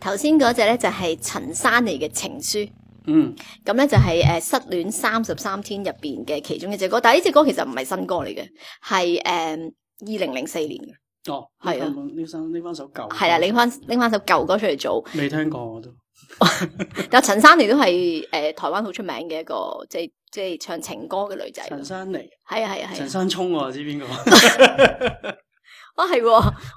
頭先嗰隻咧就係陳珊妮嘅情書，嗯，咁咧就係誒失戀三十三天入邊嘅其中一隻歌，但係呢隻歌其實唔係新歌嚟嘅，係誒二零零四年嘅，哦，係啊，拎翻首舊，係啦、啊，拎翻拎翻首舊歌出嚟做，未聽過我 都，但係陳珊妮都係誒台灣好出名嘅一個即係即係唱情歌嘅女仔，陳珊妮，係啊係啊係，啊啊陳山聰我知邊個。 啊係，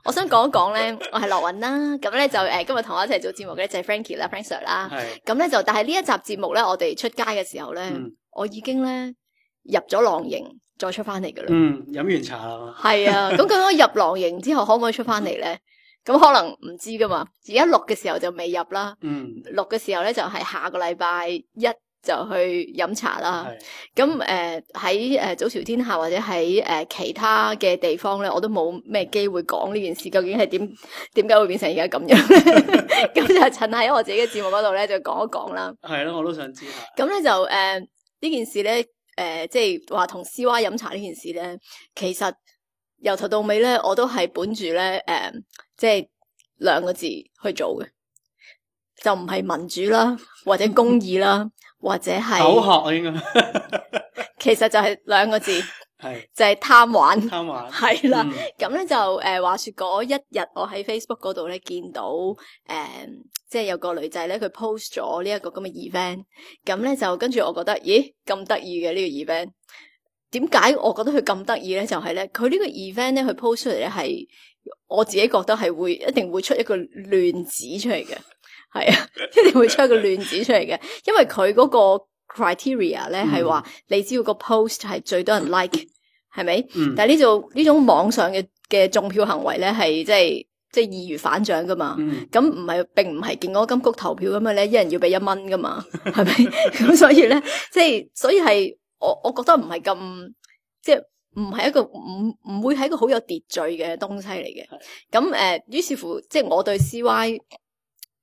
我想講一講咧，我係諾韻啦，咁咧就誒、呃、今日同我一齊做節目嘅咧就係 Frankie 啦，Frank Sir 啦的，咁咧就但係呢一集節目咧，我哋出街嘅時候咧，嗯、我已經咧入咗狼營，再出翻嚟噶啦，嗯，飲完茶啦係啊，咁 咁究竟我入狼營之後可唔可以出翻嚟咧？咁、嗯、可能唔知噶嘛，而家錄嘅時候就未入啦，嗯，錄嘅時候咧就係、是、下個禮拜一。就去飲茶啦。咁誒喺誒早朝天下或者喺誒、呃、其他嘅地方咧,我都冇咩機會講呢件事,究竟係點點解會變成而家咁樣？咁、 嗯、就趁喺我自己嘅節目嗰度咧,就講一講啦。係咯,我都想知。咁咧、嗯、就誒呢、呃、件事咧,誒、呃、即係話同絲娃飲茶呢件事咧,其實由頭到尾咧,我都係本住咧,誒、呃、即係兩個字去做嘅,就唔係民主啦,或者公義啦。 或者係口渴啊，應該，其實就係兩個字，係 是就係貪玩，貪玩係啦。咁咧 了、嗯、就誒、呃、話說嗰一日，我喺 Facebook 嗰度咧見到誒、呃，即係有個女仔咧，佢 post 咗呢一個咁嘅 event。咁咧就跟住，我覺得咦咁得意嘅呢個 event，點解我覺得佢咁得意咧？就係、是、咧，佢呢個 event 咧，佢 post 出嚟咧係，我自己覺得係會一定會出一個亂子出嚟嘅。 係啊，一定會出一個亂子出嚟嘅，因為佢嗰個 criteria 咧係話，嗯、你只要個 post 係最多人 like，係咪？嗯、但係呢種呢種網上嘅嘅中票行為咧，係即係即係易如反掌噶嘛。嗯。咁唔係，並唔係見嗰金曲投票咁樣咧，一人要俾一蚊噶嘛，係咪？咁 所以咧，即係，所以係我我覺得唔係咁，即係唔係一個唔唔會係一個好有秩序嘅東西嚟嘅。咁誒的，於是乎，即係我對 C Y。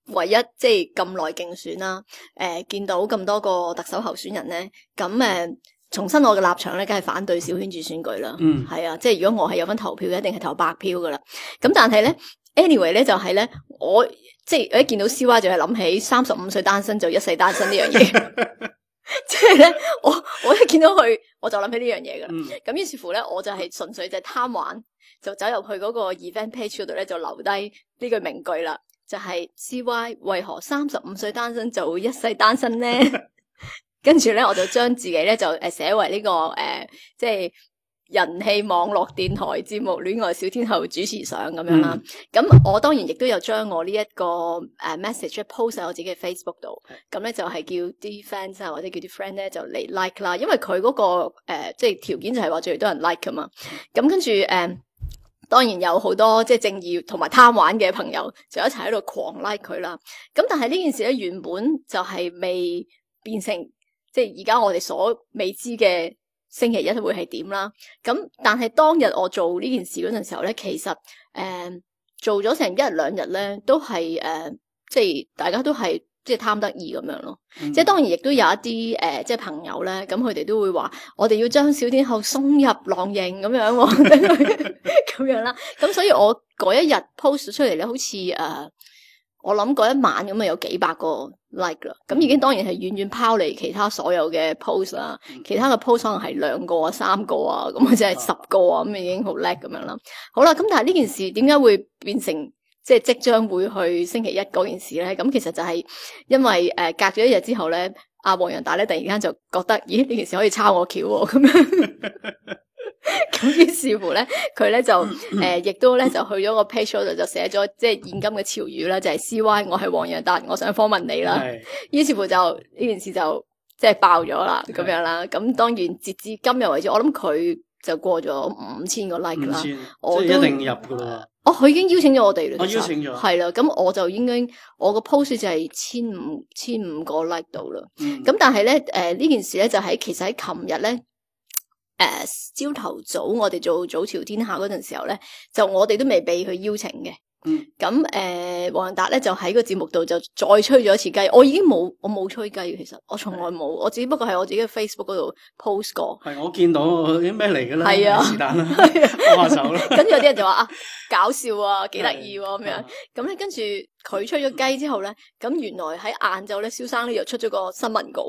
唯一即係咁耐競選啦，啊，誒、呃，見到咁多個特首候選人咧，咁誒、呃，重新我嘅立場咧，梗係反對小圈子選舉啦。嗯，係啊，即係如果我係有份投票嘅，一定係投白票噶啦。咁但係咧，anyway 咧，就係、是、咧，我即係一見到 CY 就係諗起三十五歲單身就一世單身呢樣嘢，即係咧，我我一見到佢， 我就諗起呢樣嘢噶啦。咁於、嗯、是乎咧，我就係純粹就係貪玩，就走入去嗰個 event page 度咧，就留低呢句名句啦。就係 C Y 為何三十五歲單身就會一世單身呢？ 跟住咧，我就將自己咧就誒寫為呢、這個誒、呃、即係人氣網絡電台節目《戀愛小天后》主持相咁樣啦。咁、mm hmm. 嗯、我當然亦都有將我、這個呃、message，呢一個誒 message post 喺我自己嘅 Facebook 度。咁、嗯、咧就係、是、叫啲 fans 啊或者叫啲 friend 咧就嚟 like 啦，因為佢嗰、那個誒即係條件就係話最多人 like 啊嘛。咁、嗯、跟住誒。呃當然有好多即係正義同埋貪玩嘅朋友就一齊喺度狂 like 佢啦。咁但係呢件事咧，原本就係未變成即係而家我哋所未知嘅星期一會係點啦。咁但係當日我做呢件事嗰陣時候咧，其實誒、呃、做咗成一日兩日咧都係誒、呃、即係大家都係。即係貪得意咁樣咯，即係當然亦都有一啲誒、呃，即係朋友咧，咁佢哋都會話：我哋要將小天后送入狼營咁樣，咁 樣啦。咁所以我、呃，我嗰一日 post 出嚟咧，好似誒，我諗嗰一晚咁啊，有幾百個 like 啦。咁已經當然係遠遠拋離其他所有嘅 post 啦，其他嘅 post 可能係兩個啊、三個啊，咁或者係十個啊，咁已經好叻咁樣啦。好啦，咁但係呢件事點解會變成？即係即將會去星期一嗰件事咧，咁其實就係因為誒隔咗一日之後咧，阿黃陽達咧突然間就覺得，咦，呢件事可以抄我橋喎咁樣。咁於是乎咧，佢咧就誒亦都咧就去咗個 page 度就寫咗即係現今嘅潮語啦，就係 C Y 我係黃陽達，我想訪問你啦。於是乎就呢件事就即係爆咗啦，咁樣啦。咁當然截至今日為止，我諗佢就過咗五千個 like 啦。我都。哦，佢已經邀請咗我哋啦，佢邀請咗，係啦，哦，咁我就已經，我個 post 就係千五千五個 like 到啦。咁、嗯、但係咧，誒、呃、呢件事咧就喺、是、其實喺琴日咧，誒朝頭早，早我哋做早朝天下陣時候咧，就我哋都未畀佢邀請嘅。咁誒，黃仁達咧就喺個節目度就再吹咗一次雞。我已經冇，我冇吹雞。其實我從來冇，我只不過係我自己嘅 Facebook 嗰度 post 過。係我見到啲咩嚟嘅咧？是，是啊，啦，幫、啊、手啦。跟住、嗯、 有啲人就話啊，搞笑啊，幾得意咁樣。咁、嗯、咧，跟住佢吹咗雞之後咧，咁原來喺晏晝咧，蕭生咧又出咗個新聞稿。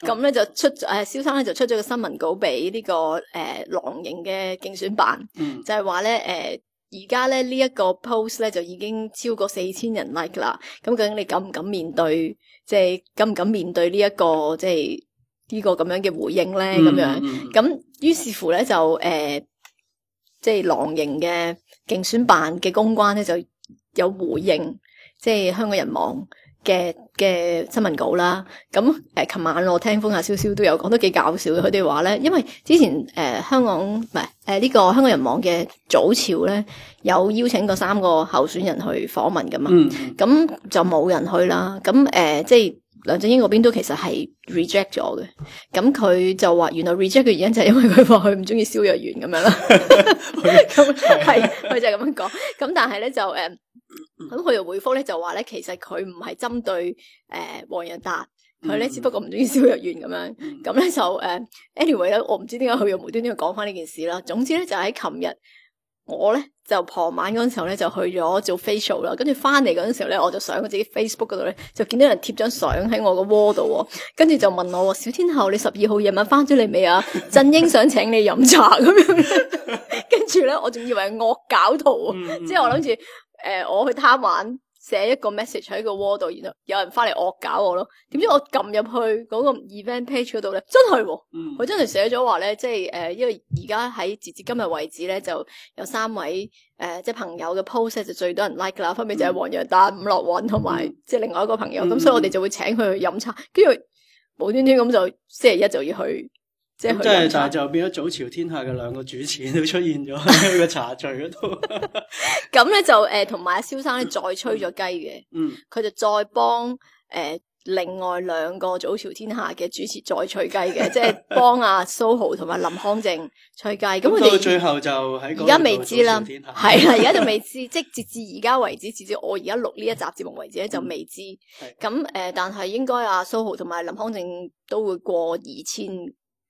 咁、嗯、咧、嗯嗯嗯、就出誒，蕭生咧就出咗個新聞稿俾呢、這個誒、呃呃呃、個狼型嘅競選辦，就係話咧誒。而家咧呢一個 post 咧就已經超過四千人 like 啦，咁究竟你敢唔敢面對，即、就、係、是、敢唔敢面對呢、這、一個即係呢個咁樣嘅回應咧？咁、mm hmm. 樣，咁於是乎咧就誒，即、呃、係、就是、狼營嘅競選辦嘅公關咧就有回應，即、就、係、是、香港人網嘅。嘅新聞稿啦，咁誒，琴、呃、晚我聽風下少少都有講得幾搞笑嘅，佢哋話咧，因為之前誒、呃、香港唔係誒呢個香港人網嘅早朝咧，有邀請過三個候選人去訪問噶嘛，咁、嗯、就冇人去啦，咁誒、呃、即係。梁振英嗰邊都其實係 reject 咗嘅，咁佢就話原來 reject 嘅原因就係因為佢話佢唔中意蕭若元咁樣啦，係佢就咁樣講，咁但係咧就誒，咁佢又回覆咧就話咧其實佢唔係針對誒黃仁達，佢咧只不過唔中意蕭若元咁樣，咁咧就誒，anyway 咧我唔知點解佢又無端端講翻呢件事啦，總之咧就喺琴日。我咧就傍晚嗰陣時候咧就去咗做 facial 啦，跟住翻嚟嗰陣時候咧我就上我自己 Facebook 嗰度咧就見到人貼張相喺我個窩度喎，跟住就問我，小天后，你十二號夜晚翻咗嚟未啊？振英想請你飲茶咁樣，跟住咧我仲以為惡搞圖，即係、嗯嗯、我諗住誒我去貪玩。寫一個 message 喺個 wall 度，然後有人翻嚟惡搞我咯。點知我撳入去嗰個 event page 嗰度咧，真係，佢真係寫咗話咧，即係誒，因為而家喺截至今日為止咧，就有三位誒即係朋友嘅 post 就最多人 like 啦。分別就係黃陽丹、伍樂韻同埋即係另外一個朋友。咁所以我哋就會請佢去飲茶，跟住無端端咁就星期一就要去。即係就就變咗早朝天下嘅兩個主持都出現咗喺個茶敘嗰度。咁咧就誒，同埋阿蕭生咧再吹咗雞嘅，嗯，佢就再幫誒、呃、另外兩個早朝天下嘅主持再吹雞嘅，即係幫阿蘇豪同埋林康正吹雞。咁佢哋到最後就喺而家未知啦，係啦，而家 就未知，即係直至而家為止，直至我而家錄呢一集節目為止咧， 就未知。咁誒，但係應該阿蘇豪同埋林康正都會過二千。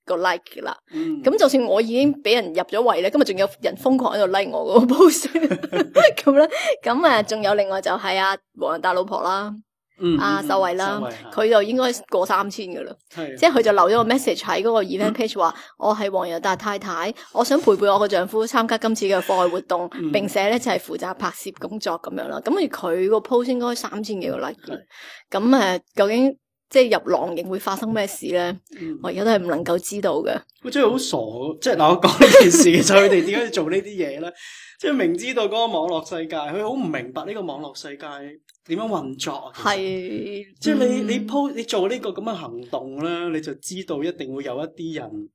個 like 啦，咁就算我已經俾人入咗圍咧，今日仲有人瘋狂喺度 like 我個 post 咁咧，咁啊，仲 有另外就係阿王仁達老婆啦，阿秀慧啦，佢就應該過、嗯嗯、三千噶啦，即係佢就留咗個 message 喺嗰個 event page 話，我係王仁達太太，我想陪伴我個丈夫參加今次嘅課外活動，並且咧就係、是、負責拍攝工作咁樣啦，咁而佢個 post 應該三千幾個 like，咁誒，究竟？即係入狼營會發生咩事咧？嗯、我而家都係唔能夠知道嘅。我真係好傻，即係嗱，我講呢件事嘅時候，佢哋點解要做呢啲嘢咧？即係明知道嗰個網絡世界，佢好唔明白呢個網絡世界點樣運作。係是，即係你、嗯、你鋪你做呢個咁嘅行動咧，你就知道一定會有一啲人。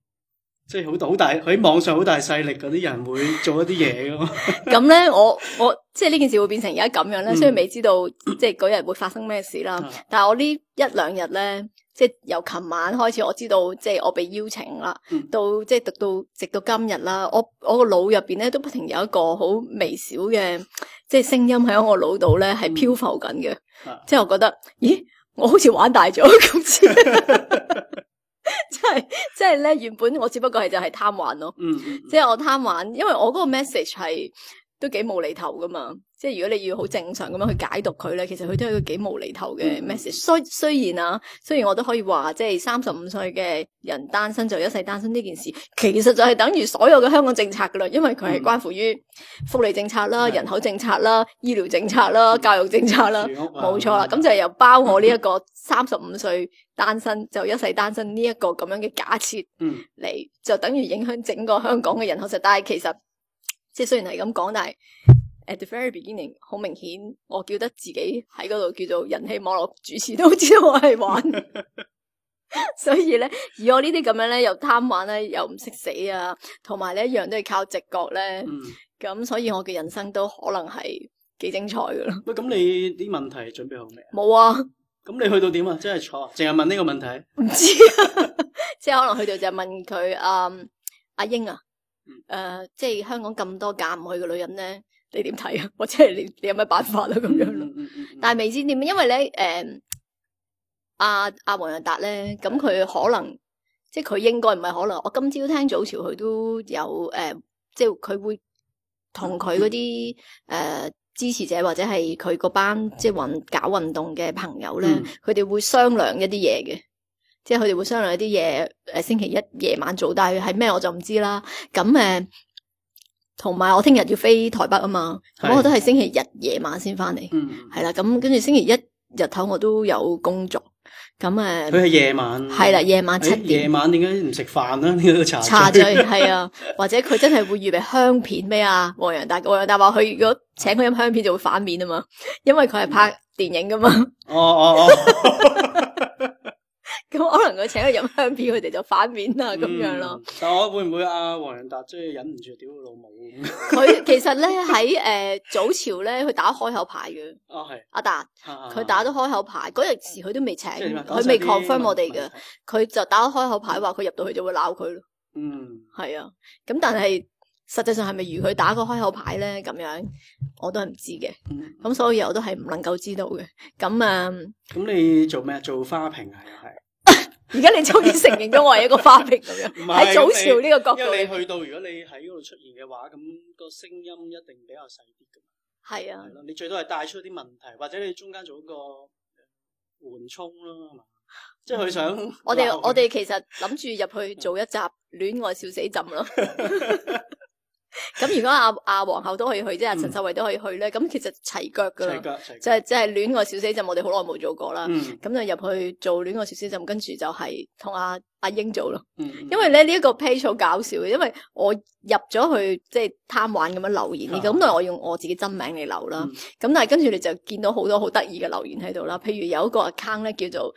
即係好大好大喺網上好大勢力嗰啲人會做一啲嘢咯。咁咧，我我即係呢件事會變成而家咁樣咧，雖然未知道、嗯、即係嗰日會發生咩事啦。啊、但係我呢一兩日咧，即係由琴晚開始我知道，即係我被邀請啦，到即係讀到直到今日啦。我我個腦入邊咧都不停有一個好微小嘅即係聲音喺我腦度咧係漂浮緊嘅。啊、即係我覺得，咦，我好似玩大咗咁。今次啊 即係即係咧，原本我只不過係就係貪玩咯，嗯，即係我貪玩，因為我嗰個 message 係都幾無厘頭噶嘛，即係如果你要好正常咁樣去解讀佢咧，其實佢都係一個幾無厘頭嘅 message。雖雖然啊，雖然我都可以話，即係三十五歲嘅人單身就一世單身呢件事，其實就係等於所有嘅香港政策噶啦，因為佢係關乎於福利政策啦、嗯、人口政策啦、醫療政策啦、教育政策啦，冇錯啦，咁、啊、 就係又包括我呢一個三十五歲。單身就一世單身呢一個咁樣嘅假設嚟，就等於影響整個香港嘅人口但其實。但係其實即係雖然係咁講，但係 At the very beginning 好明顯，我叫得自己喺嗰度叫做人氣網絡主持都知道我係玩。 所以咧，而我呢啲咁樣咧，又貪玩咧，又唔識死啊，同埋咧一樣都係靠直覺咧。咁 所以我嘅人生都可能係幾精彩噶咯。喂，咁你啲問題準備好未？冇啊。 咁你去到點啊？真係錯，淨係問呢個問題。唔知，啊 即係可能去到就問佢，嗯，阿英啊，誒、呃，即係香港咁多嫁唔去嘅女人咧，你點睇、 呃、啊？或者你你有咩辦法啊？咁樣咯。但係未知點，因為咧，誒， 阿阿黃日達咧，咁佢可能，即係佢應該唔係可能。我今朝聽早朝佢都有，誒、呃，即係佢會同佢嗰啲，誒。 呃支持者或者係佢個班即係運搞運動嘅朋友咧，佢哋、嗯、會商量一啲嘢嘅，即係佢哋會商量一啲嘢。誒，星期一夜晚做，但係係咩我就唔知啦。咁誒，同、呃、埋我聽日要飛台北啊嘛，是我都係星期日夜晚先翻嚟。嗯，係啦，咁跟住星期一日頭我都有工作。咁啊！佢係、嗯、夜晚係啦，夜晚七點、欸。夜晚點解唔食飯咧？呢個茶醉係啊醉， 或者佢真係會預備香片咩啊？黃洋達，黃洋達話佢如果請佢飲香片就會反面啊嘛，因為佢係拍電影噶嘛。哦哦哦！哦哦 咁可能佢請佢飲香片，佢哋就反面啦，咁樣咯。但係我會唔會阿黃仁達即係忍唔住屌老母？佢其實咧喺誒早朝咧，佢打開口牌嘅。哦，係。阿達，佢打咗開口牌，嗰陣時佢都未請，佢未 confirm 我哋嘅，佢就打開口牌話佢入到去就會鬧佢咯。嗯，係啊。咁但係實際上係咪如佢打個開口牌咧咁樣，我都係唔知嘅。咁所以我都係唔能夠知道嘅。咁啊，咁你做咩啊？做花瓶啊？而家你終於承認咗我係一個花瓶咁樣，喺 是早朝呢個角度，因為你去到，如果你喺嗰度出現嘅話，咁、那個聲音一定比較細啲㗎嘛。係啊，你最多係帶出啲問題，或者你中間做一個緩衝咯，係嘛、嗯？即係佢想我，我哋我哋其實諗住入去做一集 戀愛笑死朕咯。 咁、嗯、如果阿、啊、阿、啊、皇后都可以去，即、啊、係陳秀慧都可以去咧，咁、嗯、其實齊腳噶，即係即係戀愛小死陣我哋好耐冇做過啦。咁、嗯、就入去做戀愛小死陣，跟住就係同阿阿英做咯。嗯、因為咧呢一、這個 page 好搞笑嘅，因為我入咗去即係貪玩咁樣留言咁，但、啊、我用我自己真名嚟留啦。咁、嗯嗯、但係跟住你就見到好多好得意嘅留言喺度啦。譬如有一個 account 咧叫做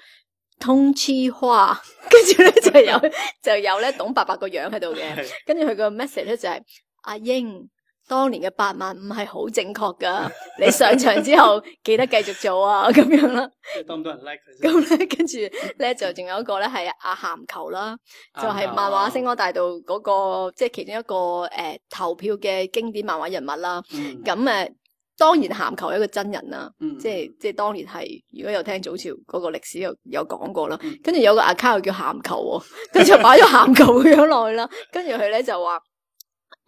通痴花，跟住咧就有就有咧董伯伯個樣喺度嘅，跟住佢個 message 咧就係、是。阿英當年嘅八萬五係好正確噶，你上場之後 記得繼續做啊，咁樣啦。咁多人 like 佢咁咧跟住咧就仲有一個咧係阿咸球啦，就係、是、漫畫星光大道嗰、那個即係其中一個誒、呃、投票嘅經典漫畫人物啦。咁誒、嗯，嗯、當然咸球係一個真人啦，嗯、即係即係當年係，如果有聽早朝嗰個歷史有有,有講過啦。跟住、嗯、有個阿卡又叫咸球、哦，跟住擺咗咸球咁樣落去啦，跟住佢咧就話。誒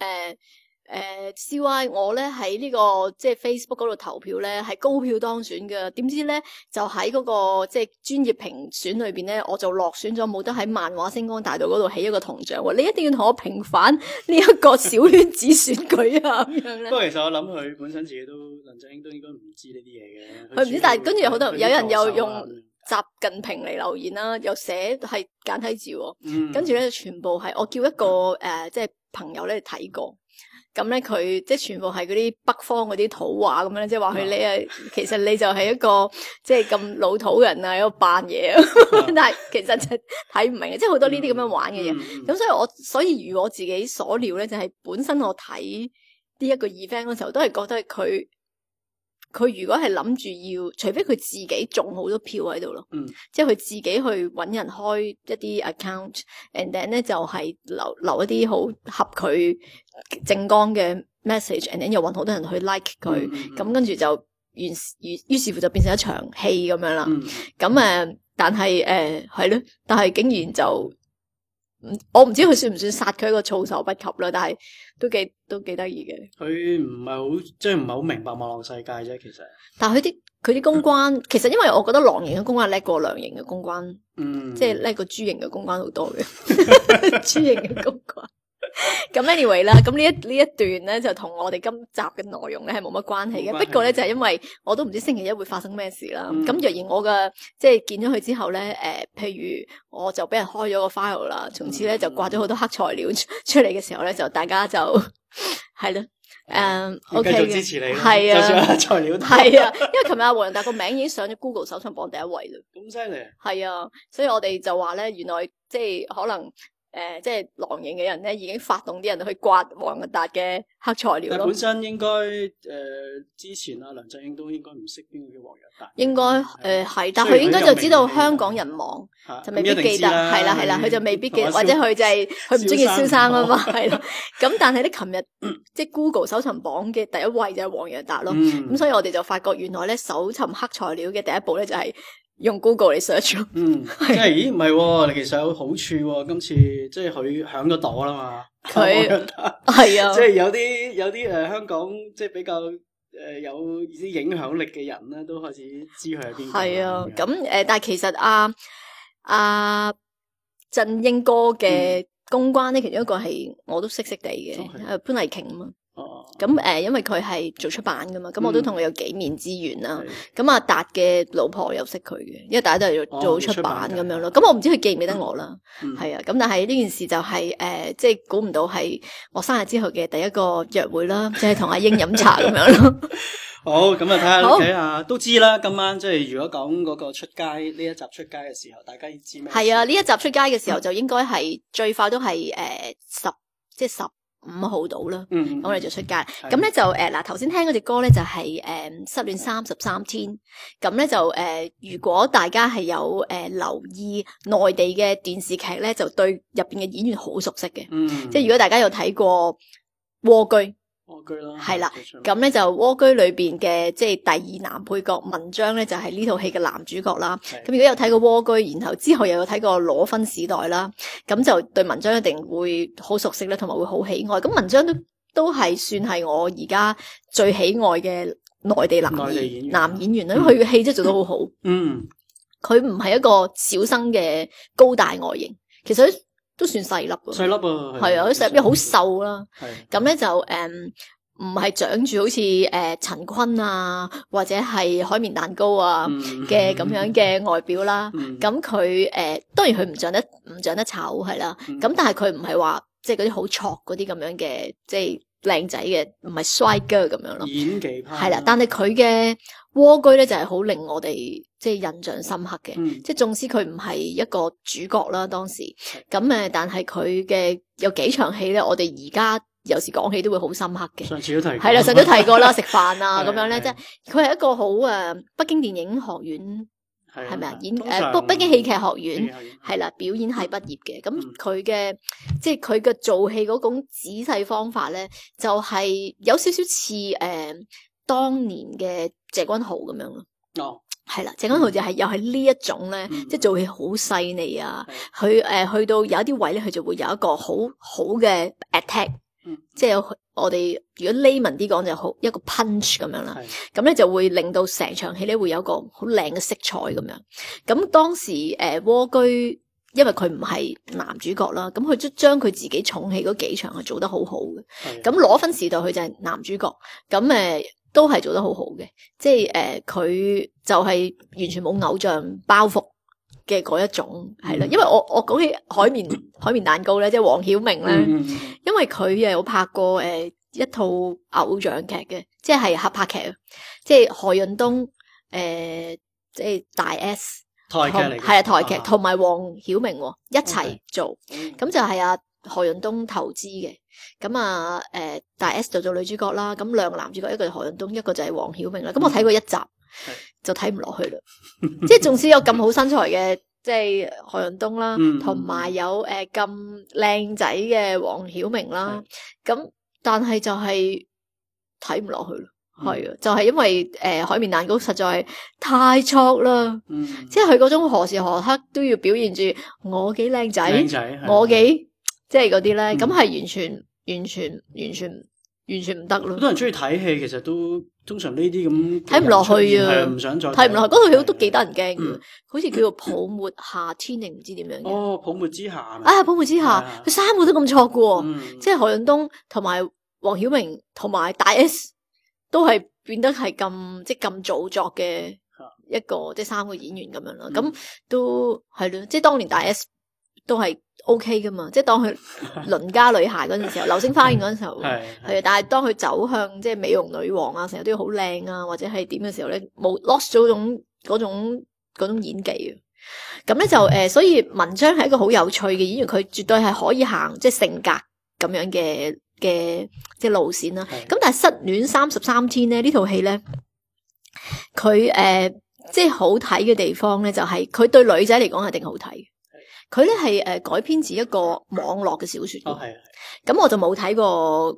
誒，C Y，我咧喺呢個即係、就是、Facebook 度投票咧，係高票當選嘅，點知咧就喺嗰、那個即係專業評選裏邊咧，我就落選咗，冇得喺漫畫星光大道嗰度起一個銅像。你一定要同我平反呢一個小圈子選舉啊！咁 樣咧。 不過其實我諗佢本身自己都梁振英，都應該唔知呢啲嘢嘅，佢唔知。但係跟住好多有人又用習、啊、近平嚟留言啦，又寫係簡體字，跟住咧全部係、嗯、我叫一個誒，即、呃、係。呃啊呃朋友咧睇過，咁咧佢即係全部係嗰啲北方嗰啲土話咁樣，即係話佢你啊，其實你就係一個即係咁老土人啊，喺度扮嘢啊，但係其實就睇唔明嘅，即係好多呢啲咁樣玩嘅嘢。咁 所以我所以如我自己所料咧，就係、係、本身我睇呢一個 event 嗰時候，都係覺得佢。佢如果係諗住要，除非佢自己種好多票喺度咯，嗯、即係佢自己去揾人開一啲 account，and then 咧就係、係、留留一啲好合佢正缸嘅 message，and then 又揾好多人去 like 佢，咁、嗯嗯、跟住就完完於，於，於，於，於是乎就變成一場戲咁樣啦。咁誒、嗯嗯，但係誒係咧，但係竟然就～我唔知佢算唔算殺佢一個措手不及啦，但係都幾都幾得意嘅。佢唔係好即係唔係好明白網絡世界啫，其實。但係佢啲佢啲公關，嗯、其實因為我覺得狼型嘅公關叻過良型嘅公關，嗯，即係叻過豬型嘅公關好多嘅， 豬型嘅公關。咁 anyway 啦，咁呢一呢一段咧就同我哋今集嘅內容咧係冇乜關係嘅。係不過咧就係因為我都唔知星期一會發生咩事啦。咁、嗯、若然我嘅即係見咗佢之後咧，誒、呃，譬如我就俾人開咗個 file 啦，從此咧就掛咗好多黑材料出嚟嘅時候咧，就大家就係咯，誒，ok 繼續支持你，係啊，就算黑材料係 啊，因為琴日阿黃仁達個名已經上咗 Google 搜尋榜，榜第一位啦，咁犀利，係 啊，所以我哋就話咧，原來即係可能。誒，即係狼影嘅人咧，已經發動啲人去刮黃日達嘅黑材料咯。本身應該誒，之前阿梁振英都應該唔識邊個叫黃日達。應該誒係，但佢應該就知道香港人網就未必記得，係啦係啦，佢就未必記得，或者佢就係佢唔中意蕭生啊嘛，係咯。咁但係咧，琴日即係 Google 搜尋榜嘅第一位就係黃日達咯。咁所以我哋就發覺，原來咧搜尋黑材料嘅第一步咧就係。用 Google 嚟 search 咯，嗯，即係咦唔係，哦，你其實有好處喎，哦，今次即係佢響咗朵啦嘛，佢係他 啊， 即係有啲有啲誒、呃、香港即係比較誒、呃、有啲影響力嘅人咧，都開始知佢喺邊個，係啊，咁誒樣、呃，但係其實阿阿振英哥嘅公關咧，嗯、其中一個係我都識識地嘅，潘麗瓊嘛。嗯咁誒，哦嗯、因為佢係做出版噶嘛，咁我都同佢有幾面之緣啦、啊。咁阿達嘅老婆又識佢嘅，因為大家都係做出版咁、哦、樣咯。咁我唔知佢記唔記得我啦。係啊、嗯，咁但係呢件事就係、是、誒，即係估唔到係我生日之後嘅第一個約會啦，即係同阿英飲茶咁樣咯。 好，咁啊睇下睇好下，下，都知啦。今晚即係如果講嗰個出街呢一集出街嘅時候，大家要知咩？係啊，呢一集出街嘅時候就應該係最快都係誒、呃、十，即係十。十十十十十五號到啦，咁我哋、mm hmm. 就出街。咁咧的就誒，嗱頭先聽嗰隻歌咧就係、是、誒、呃、失戀三十三天。咁咧就誒、呃，如果大家係有誒、呃、留意內地嘅電視劇咧，就對入邊嘅演員好熟悉嘅。Mm hmm. 即係如果大家有睇過《蝸居》。蝸居啦，係啦，咁咧就蝸居裏邊嘅即係第二男配角文章咧，就係呢套戲嘅男主角啦。咁如果有睇過蝸居，然後之後又有睇過裸婚時代啦，咁就對文章一定會好熟悉啦，同埋會好喜愛。咁文章都都係算係我而家最喜愛嘅內地男演、內地演員男演員啦，因為佢嘅氣質做得好好，嗯。嗯，佢唔係一個小生嘅高大外形，其實。都算細粒嘅，細粒啊？係啊的，佢上邊好瘦啦，咁咧就誒唔係長住好似誒陳坤啊，或者係海綿蛋糕啊嘅咁、嗯、樣嘅外表啦，咁佢誒當然佢唔長得唔長得醜係啦，咁、嗯、但係佢唔係話即係嗰啲好挫嗰啲咁樣嘅即係，就是靚仔嘅，唔係帥哥咁樣咯。演技派係啦，但係佢嘅蝸居咧就係、是、好令我哋即係印象深刻嘅，嗯、即係縱使佢唔係一個主角啦，當時咁誒，但係佢嘅有幾場戲咧，我哋而家有時講起都會好深刻嘅。上次都提係啦，上次都提過啦，食 飯啊咁 的樣咧，是的 的即係佢係一個好誒北京電影學院。係咪啊演，誒，不常，北京戲劇學院係啦，表演系畢業嘅。咁佢嘅，即係佢嘅做戲嗰種仔細方法咧，就係、是、有少少似，誒、呃、當年嘅謝君豪咁樣咯。哦，係啦，謝君豪就係、是嗯、又係呢一種咧，嗯、即係做戲好細膩啊。佢誒、嗯呃，去到有一啲位咧，佢就會有一個好好嘅 attack。嗯、即係有我哋如果 layman 啲講就好、是、一個 punch 咁樣啦，咁咧的就會令到成場戲咧會有個好靚嘅色彩咁樣。咁當時誒蝸、呃、居，因為佢唔係男主角啦，咁佢即將佢自己重戲嗰幾場係做得好好嘅，咁攞分時代佢就係男主角，咁誒都係做得好的、呃、做得好嘅，即係誒佢就係完全冇偶像包袱。嘅嗰一種係啦，因為我我講起海綿 海綿蛋糕咧，即係黃曉明咧， 因為佢誒有拍過誒一套偶像劇嘅，即係合拍劇，即係何潤東誒、呃，即係大 S, 台劇嚟，係啊，台劇同埋黃曉明一齊做，咁 Okay. 就係阿、啊、何潤東投資嘅，咁啊誒、呃、大 S 就做女主角啦，咁兩男主角一個係何潤東，一個就係黃曉明啦，咁我睇過一集。 就睇唔落去啦，即係仲使有咁好身材嘅，即係何潤東啦，同埋、嗯、有誒咁靚仔嘅黃曉明啦，咁的但係就係睇唔落去咯，係啊、嗯，就係、是、因為誒、呃、海綿蛋糕實在太 chok 啦，嗯、即係佢嗰種何時何刻都要表現住我幾靚仔，仔，我幾，即係嗰啲咧，咁係完全完全完全。完全完全完全唔得咯！好多人中意睇戲，其實都通常呢啲咁睇唔落去啊，唔想再睇唔落。嗰套戲都幾得人驚嘅，的好似叫做泡沫夏天定唔知點樣嘅。哦，泡沫之夏啊、哎，泡沫之夏，佢的三個都咁錯嘅，嗯、即係何潤東同埋黃曉明同埋大 S 都係變得係咁即係咁早作嘅一個即係三個演員咁樣啦。咁、嗯、都係咯，即係當年大 S 都係。O K 噶嘛，即係當佢鄰家女孩陣時候， 流星花園陣時候，係，啊，但係當佢走向即係美容女王啊，成日都要好靚啊，或者係點嘅時候咧，冇 lost 咗種種種演技啊。咁咧就誒、呃，所以文章係一個好有趣嘅演員，佢絕對係可以行即係性格咁樣嘅嘅即係路線啦、啊。咁 但係失戀三十三天咧呢套戲咧，佢誒、呃、即係好睇嘅地方咧，就係、是、佢對女仔嚟講係一定好睇。佢咧係誒改編自一個網絡嘅小說，咁、哦、我就冇睇過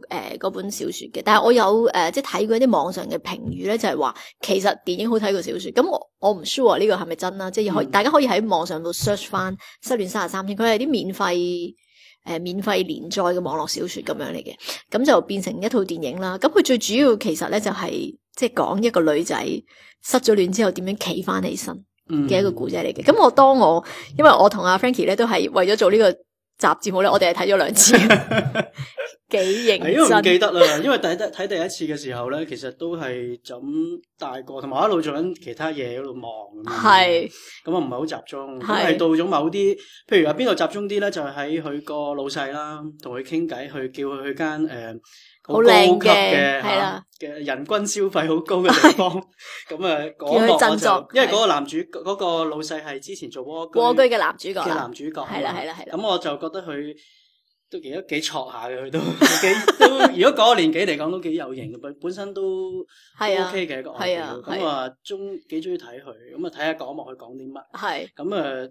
誒嗰、呃、本小說嘅。但係我有誒、呃、即係睇過一啲網上嘅評語咧，就係話其實電影好睇過小說。咁我我唔 sure 呢個係咪真啦，即係可以、嗯、大家可以喺網上度 search 翻《失戀三十三天》，佢係啲免費誒、呃、免費連載嘅網絡小說咁樣嚟嘅，咁就變成一套電影啦。咁佢最主要其實咧就係即係講一個女仔失咗戀之後點樣企翻起身。嘅、嗯、一個古仔嚟嘅，咁我當我因為我同阿 Frankie 咧都係為咗做呢個集節目咧，我哋係睇咗兩次，幾認真。唔 記得啦，因為第第睇第一次嘅時候咧，其實都係咁大個，同埋一路做緊其他嘢，一路忙咁樣，係咁啊，唔係好集中，係是到咗某啲，譬如話邊度集中啲咧，就喺佢個老細啦，同佢傾偈，去叫佢去間誒。呃好高級嘅係啦嘅人均消費好高嘅地方，咁啊嗰個因為嗰個男主個老細係之前做蝸居蝸居嘅男主角啦，係啦係啦係啦，咁我就覺得佢都幾幾挫下嘅，佢都幾都如果嗰個年紀嚟講都幾有型嘅，本身都係啊 OK 嘅一個演員，咁啊中幾中意睇佢，咁啊睇下講幕佢講啲乜，係咁啊誒。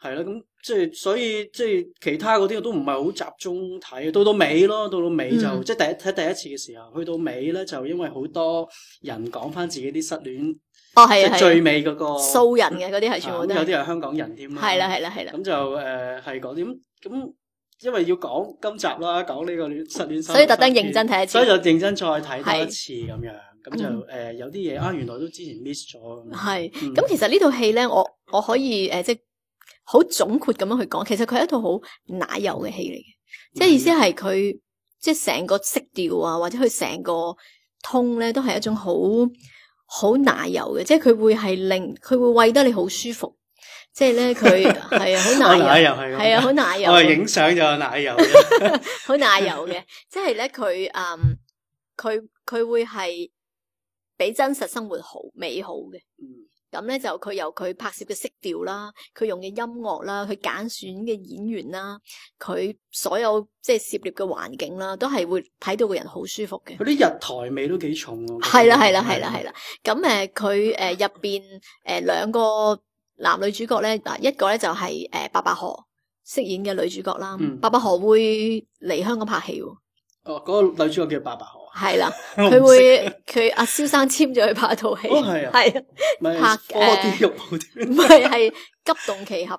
係啦，咁即係所以即係其他嗰啲都唔係好集中睇，到到尾咯，到咯到尾就即係第一睇第一次嘅時候，去到尾咧就因為好多人講翻自己啲失戀，哦係啊，最美嗰、嗰個素人嘅嗰啲係全部都、嗯、有啲係香港人添啦，係啦係啦係啦，咁就誒係講咁咁，因為要講今集啦，講呢個失戀，所以特登認真睇一次，所以就認真再睇多一次咁的樣，咁就誒、嗯呃、有啲嘢啊，原來都之前 miss 咗，係、嗯、咁其實戲呢套戲咧，我我可以誒即係。好總括咁樣去講，其實佢係一套好奶油嘅戲嚟嘅，即係意思係佢即係成個色調啊，或者佢成個通咧都係一種好好奶油嘅，即係佢會係令佢會喂得你好舒服，即係咧佢係啊好奶油係啊好奶油， 我影相就奶油，好奶油嘅， 即係咧佢嗯佢佢會係比真實生活好美好嘅。咁咧就佢由佢拍攝嘅色調啦，佢用嘅音樂啦，佢揀選嘅演員啦，佢所有即係涉獵嘅環境啦，都係會睇到個人好舒服嘅。嗰啲日台味都幾重喎。係啦係啦係啦係啦，咁誒佢誒入邊誒兩個男女主角咧，嗱一個咧就係誒白百何飾演嘅女主角啦。嗯。白百何會嚟香港拍戲。哦，嗰個女主角叫白百何。係啦，佢 會佢阿蘇生簽咗去拍套戲，係 啊，拍嘅，唔係係急凍奇俠。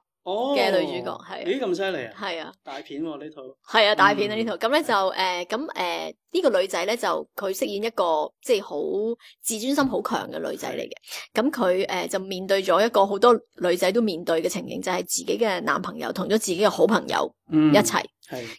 嘅女主角係，咦，咁犀利啊！係啊，大片喎呢套係啊，大片啊呢套，咁咧，就誒，咁誒，呢個女仔咧就佢飾演一個即係好自尊心好強嘅女仔嚟嘅，咁佢誒就面對咗一個好多女仔都面對嘅情景，就係自己嘅男朋友同咗自己嘅好朋友一齊，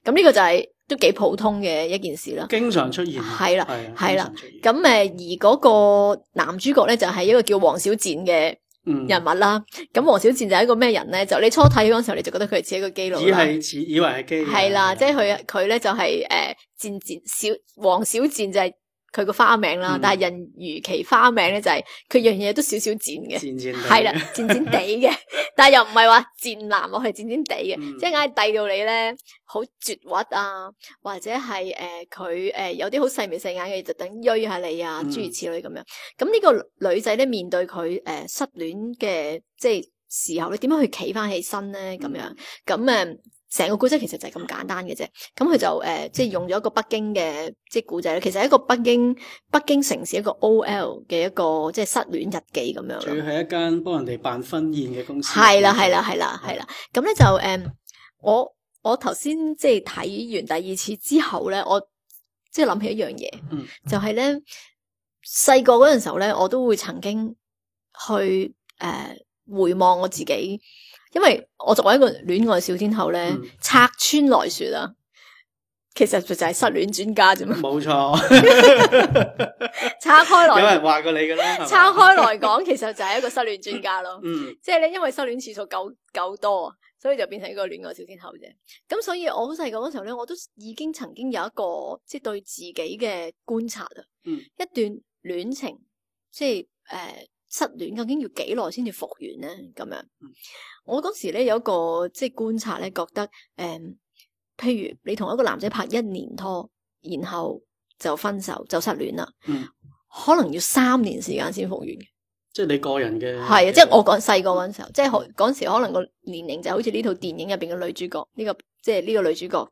咁呢個就係都幾普通嘅一件事啦。經常出現，係啦係啦，咁誒而嗰個男主角咧就係一個叫王小賤嘅。嗯、人物啦，咁、嗯、王小賤就係一個咩人咧？就你初睇嗰時候，你就覺得佢係似一個基佬，只係似以為係基，佬、嗯，係啦，即係佢佢咧就係、是、誒，賤、呃、賤小王小賤就係、是。佢個花名啦，但係人如其花名咧，就係、是、佢樣嘢都少少賤嘅，係啦，賤賤地嘅，賤賤 但係又唔係話賤男，我係賤賤地嘅，嗯、即係嗌「係遞到你咧，好絕屈啊，或者係誒佢誒有啲好細眉細眼嘅嘢就等郁下你啊，諸、嗯、如此類咁樣。咁、嗯、呢個女仔咧，面對佢誒、呃、失戀嘅即係時候，你點樣去企翻起身咧？咁樣咁誒。嗯成個故仔其實就係咁簡單嘅啫，咁佢就誒即係用咗一個北京嘅即係故仔咧，其實係一個北京北京城市一個 O. L. 嘅一個即係、就是、失戀日記咁樣。佢係一間幫人哋辦婚宴嘅公司。係啦係啦係啦係啦，咁咧、嗯、就誒、呃、我我頭先即係睇完第二次之後咧，我即係諗起一樣嘢，嗯、就係咧細個嗰陣時候咧，我都會曾經去誒、呃、回望我自己。因為我作為一個戀愛小天后咧，嗯、拆穿來說啊，其實就就係失戀專家啫嘛，冇錯沒錯。 拆開來，有人話過你噶啦。拆開來講，其實就係一個失戀專家咯。嗯、即係咧，因為失戀次數夠夠多，所以就變成一個戀愛小天后啫。咁所以，我好細個嗰時候咧，我都已經曾經有一個即係對自己嘅觀察啊。嗯、一段戀情，即係誒、呃、失戀，究竟要幾耐先至復原咧？咁樣。嗯 我當時咧有一個即係觀察咧，覺得誒，譬如你同一個男仔拍一年拖，然後就分手就失戀啦，可能要三年時間先復原嘅。即係你個人嘅係啊，即係我講細個嗰陣時候，即係嗰時可能個年齡就好似呢套電影入邊嘅女主角，呢個即係呢個女主角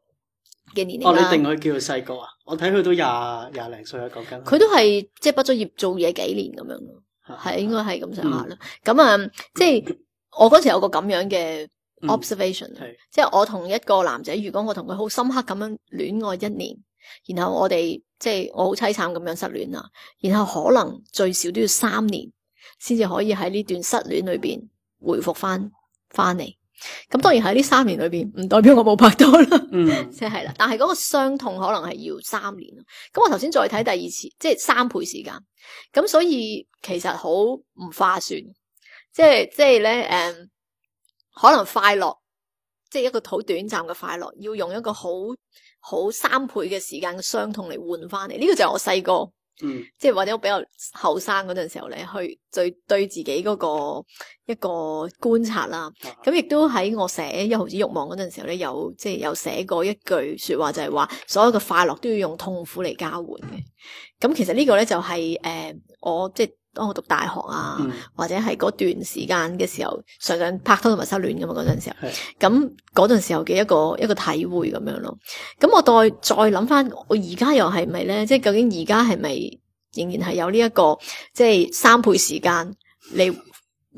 嘅年齡。哦，uh，你定佢叫佢細個啊？我睇佢都廿廿零歲啦，講緊佢都係即係畢咗業做嘢幾年咁樣咯，係應該係咁上下啦。咁啊，即係。我嗰時有個咁樣嘅 observation，嗯，即係我同一個男仔，如果我同佢好深刻咁樣戀愛一年，然後我哋即係我好淒慘咁樣失戀啦，然後可能最少都要三年，先至可以喺呢段失戀裏邊回復翻翻嚟。咁當然喺呢三年裏邊，唔代表我冇拍拖啦，即係啦。但係嗰個傷痛可能係要三年。咁我頭先再睇第二次，即係三倍時間。咁所以其實好唔化算。即係即係咧，誒、嗯，可能快樂，即係一個好短暫嘅快樂，要用一個好好三倍嘅時間嘅傷痛嚟換翻嚟。呢、這個就係我細個，嗯，即係或者我比較後生嗰陣時候咧，去對對自己嗰、那個一個觀察啦。咁、嗯、亦都喺我寫一毫子欲望嗰陣時候咧，有即係有寫過一句話說話，就係話所有嘅快樂都要用痛苦嚟交換嘅。咁其實個呢個咧就係、是、誒、嗯、我即係。當我、啊、讀大學啊，嗯、或者係嗰段時間嘅時候，常常拍拖同埋失戀噶嘛，嗰陣時候，咁嗰陣時候嘅一個一個體會咁樣咯。咁、嗯、我再再諗翻，我而家又係咪咧？即係究竟而家係咪仍然係有呢、這、一個即係三倍時間你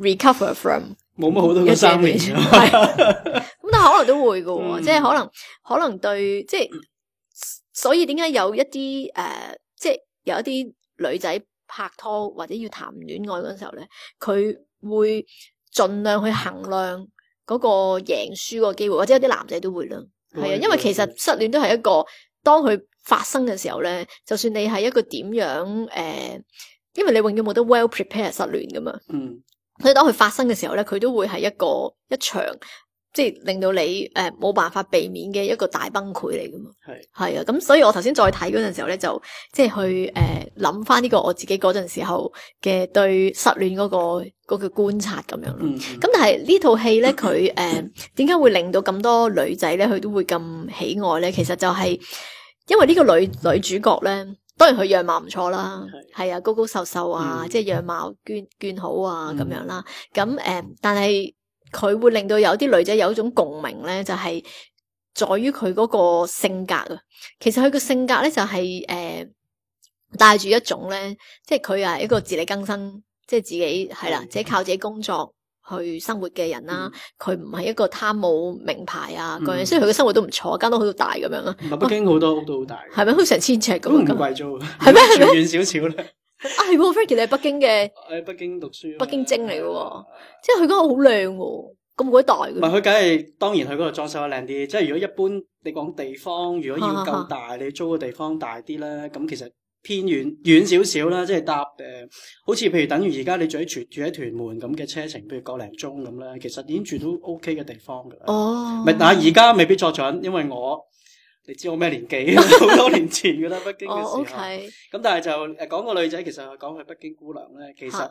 recover from？冇乜好多嘅三倍，係咁但可能都會噶，即係、嗯、可能可能對，即、就、係、是、所以點解有一啲誒、即、uh, 係有一啲女仔。拍拖或者要談戀愛嗰陣時候咧，佢會盡量去衡量嗰個贏輸個機會，或者有啲男仔都會啦，係啊會，的因為其實失戀都係一個當佢發生嘅時候咧，就算你係一個點樣誒、呃，因為你永遠冇得 well prepared 失戀噶嘛，嗯、所以當佢發生嘅時候咧，佢都會係一個一場。即係令到你誒冇辦法避免嘅一個大崩潰嚟噶嘛，係、嗯、啊，咁所以我頭先再睇嗰陣時候咧，就即係去誒諗翻呢個我自己嗰陣時候嘅對失戀嗰個嗰個觀察咁樣咯，咁但係呢套戲咧，佢誒點解會令到咁多女仔咧，佢都會咁喜愛咧？其實就係因為呢個女女主角咧，當然佢樣貌唔錯啦，係啊，高高瘦瘦啊，即係、嗯、樣貌娟娟好啊咁樣啦，咁誒、嗯呃、但係。但佢會令到有啲女仔有一種共鳴咧，就係、是、在於佢嗰個性格啊。其實佢個性格咧就係、是、誒、呃、帶住一種咧，即係佢係一個自力更生，即係自己係啦，自己靠自己工作去生活嘅人啦、啊。佢唔係一個貪慕名牌啊嗰樣，所以佢嘅生活都唔錯，加到好大咁樣啦。嗯啊、北京好多都大好大，係咪好成千尺咁？唔貴租，係咩嗎？遠遠少少啦。 啊係，Frankie 你喺北京嘅，喺北京讀書，北京精嚟嘅，即係佢嗰度好靚嘅，咁鬼大嘅。唔係佢梗係，當然佢嗰度裝修得靚啲。即係如果一般你講地方，如果要夠大，你租個地方大啲咧，咁、啊啊、其實偏遠遠少少啦。即係搭誒、呃，好似譬如等於而家你住喺住喺屯門咁嘅車程，譬如個零鐘咁咧，其實已經住到 OK 嘅地方噶啦。哦、啊，唔係但係而家未必作準，因為我。你知我咩年紀？好多年前噶啦，北京嘅時候。哦，O K。咁但係就誒，講個女仔，其實講佢北京姑娘咧，其實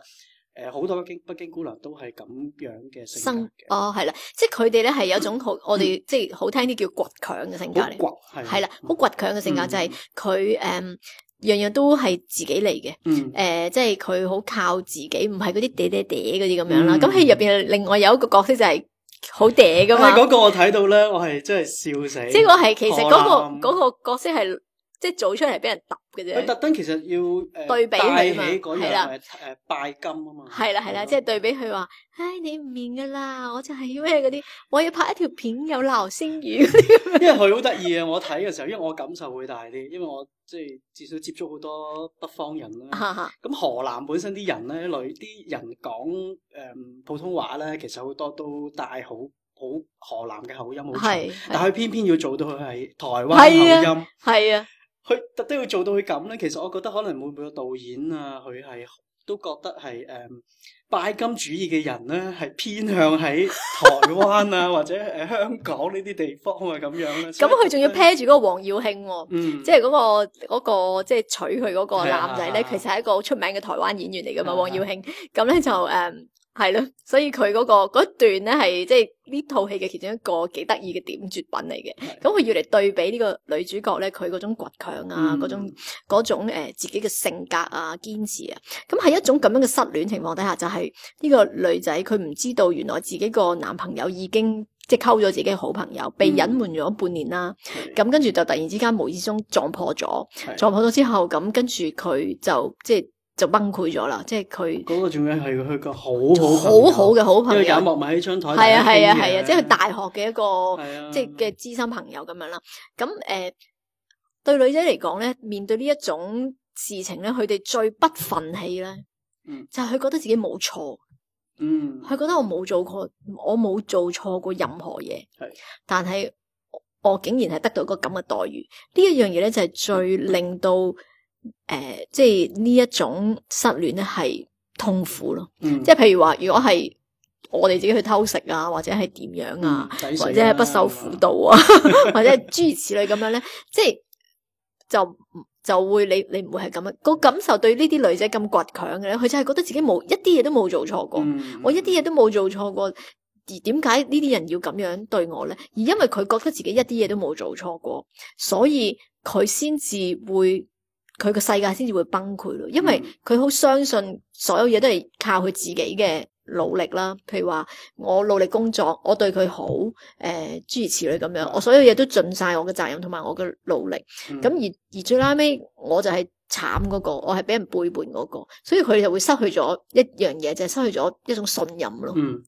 誒，好多北京北京姑娘都係咁樣嘅性格嘅。哦，係啦，即係佢哋咧係有種好，我哋即係好聽啲叫倔強嘅性格嚟。好倔係啦，好倔強嘅性格就係佢誒樣樣都係自己嚟嘅。誒，即係佢好靠自己，唔係嗰啲嗲嗲嗲嗰啲咁樣啦。咁喺入邊另外有一個角色就係。好嗲噶嘛！嗰個我睇到咧，我係真係笑死。即係個係，其實、嗰個 個角色係即係做出嚟俾人佢特登其實要誒，對比起嗰樣誒拜金啊嘛，係啦係啦，即係對比佢話，唉、哎、你唔面噶啦，我就係要咩嗰啲，我要拍一條片有流星雨啲。 因為佢好得意啊，我睇嘅時候，因為我感受會大啲，因為我即係至少接觸好多北方人啦。咁、啊、哈 河南本身啲人咧，來啲人講誒普通話咧，其實好多都帶好好河南嘅口音好重，但係佢偏偏要做到佢係台灣口音，係啊。佢特登要做到佢咁咧，其實我覺得可能每部嘅導演啊，佢係都覺得係誒、um, 拜金主義嘅人咧，係偏向喺台灣啊 或者誒香港呢啲地方啊咁樣咧。咁佢仲要 peg 住嗰個王耀慶喎，即係嗰個即係、就是、娶佢嗰個男仔咧，啊、其實係一個好出名嘅台灣演員嚟噶嘛，王、啊、耀慶。咁咧就誒。Um, 係咯， 所以佢嗰、嗰一段咧，係即係呢套戲嘅其中一個幾得意嘅點絕品嚟嘅。咁佢要嚟對比呢個女主角咧，佢嗰種倔強啊，嗰、mm hmm. 種種誒、呃、自己嘅性格啊、堅持啊，咁係一種咁樣嘅失戀情況底下，就係、是、呢個女仔佢唔知道原來自己個男朋友已經即係溝咗自己嘅好朋友，被隱瞞咗半年啦。咁、mm hmm. 跟住就突然之間無意中撞破咗，是的 撞破咗之後，咁、嗯、跟住佢就即係。就崩潰咗啦！即係佢嗰個仲要係佢個好好好好嘅好朋友，好好朋友因為仰卧埋喺張台。係啊係啊係啊！啊啊啊啊，即係佢大學嘅一個、啊、即係嘅知心朋友咁樣啦。咁誒、呃、對女仔嚟講咧，面對呢一種事情咧，佢哋最不忿氣咧，嗯、就係佢覺得自己冇錯。嗯，佢覺得我冇做過，我冇做錯過任何嘢。係是，但係我竟然係得到個咁嘅待遇，呢一樣嘢咧就係最令到。誒、呃，即係呢一種失戀咧，係痛苦咯。嗯、即係譬如話，如果係我哋自己去偷食啊，或者係點樣啊，啊或者係不受輔導啊， 或者係諸如此類咁樣咧，即係就就會你你唔會係咁樣。個感受對呢啲女仔咁倔強嘅咧，佢就係覺得自己冇一啲嘢都冇做錯過，嗯嗯我一啲嘢都冇做錯過，而點解呢啲人要咁樣對我咧？而因為佢覺得自己一啲嘢都冇做錯過，所以佢先至會。佢個世界先至會崩潰咯，因為佢好相信所有嘢都係靠佢自己嘅努力啦。譬如話我努力工作，我對佢好，誒、呃、諸如此類咁樣，我所有嘢都盡晒我嘅責任同埋我嘅努力。咁、嗯、而而最拉尾，我就係慘嗰個，我係俾人背叛嗰、嗰個，所以佢就會失去咗一樣嘢，就係、係、失去咗一種信任咯。嗯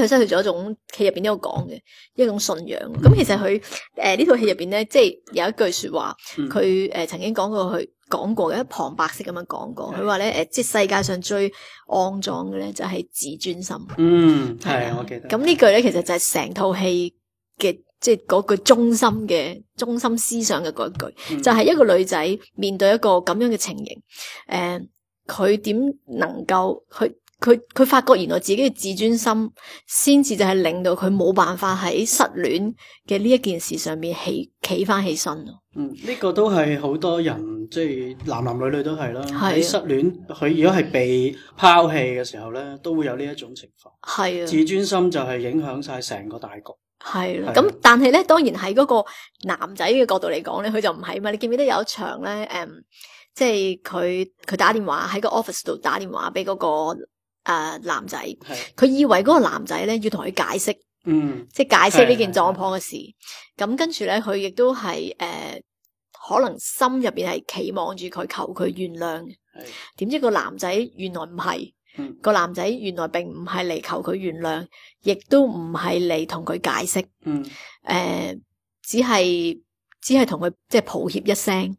即係失去咗一種戲入邊都有講嘅一種信仰，咁、嗯、其實佢誒、呃、呢套戲入邊咧，即、就、係、是、有一句說話，佢誒、嗯呃、曾經講過，佢講過嘅一旁白色咁樣講過，佢話咧誒，即係世界上最骯髒嘅咧就係、是、自尊心。嗯，係我記得。咁是、嗯、呢句咧其實就係成套戲嘅即係嗰句中心嘅中心思想嘅嗰一句，就係、是、一個女仔面對一個咁樣嘅情形，誒、呃，佢點能夠去？佢佢發覺原來自己嘅自尊心，先至就係令到佢冇辦法喺失戀嘅呢一件事上面起起翻起，起身咯。嗯、呢、這個都係好多人，即係男男女女都係啦。喺、啊、失戀，佢如果係被拋棄嘅時候咧，都會有呢一種情況。係啊，自尊心就係影響晒成個大局。係啦，咁但係咧，當然喺嗰個男仔嘅角度嚟講咧，佢就唔係嘛。你記唔記得有一場咧？誒、嗯，即係佢佢打電話喺個 office 度打電話俾嗰、那個。誒、呃，男仔，佢是以為嗰個男仔咧要同佢解釋，嗯、即係解釋呢件狀況嘅事。咁跟住咧，佢亦都係誒、呃，可能心入邊係期望住佢求佢原諒。點是知個男仔原來唔係，個、嗯、男仔原來並唔係嚟求佢原諒，亦都唔係嚟同佢解釋。誒、嗯、呃，只係只係同佢即係抱歉一聲，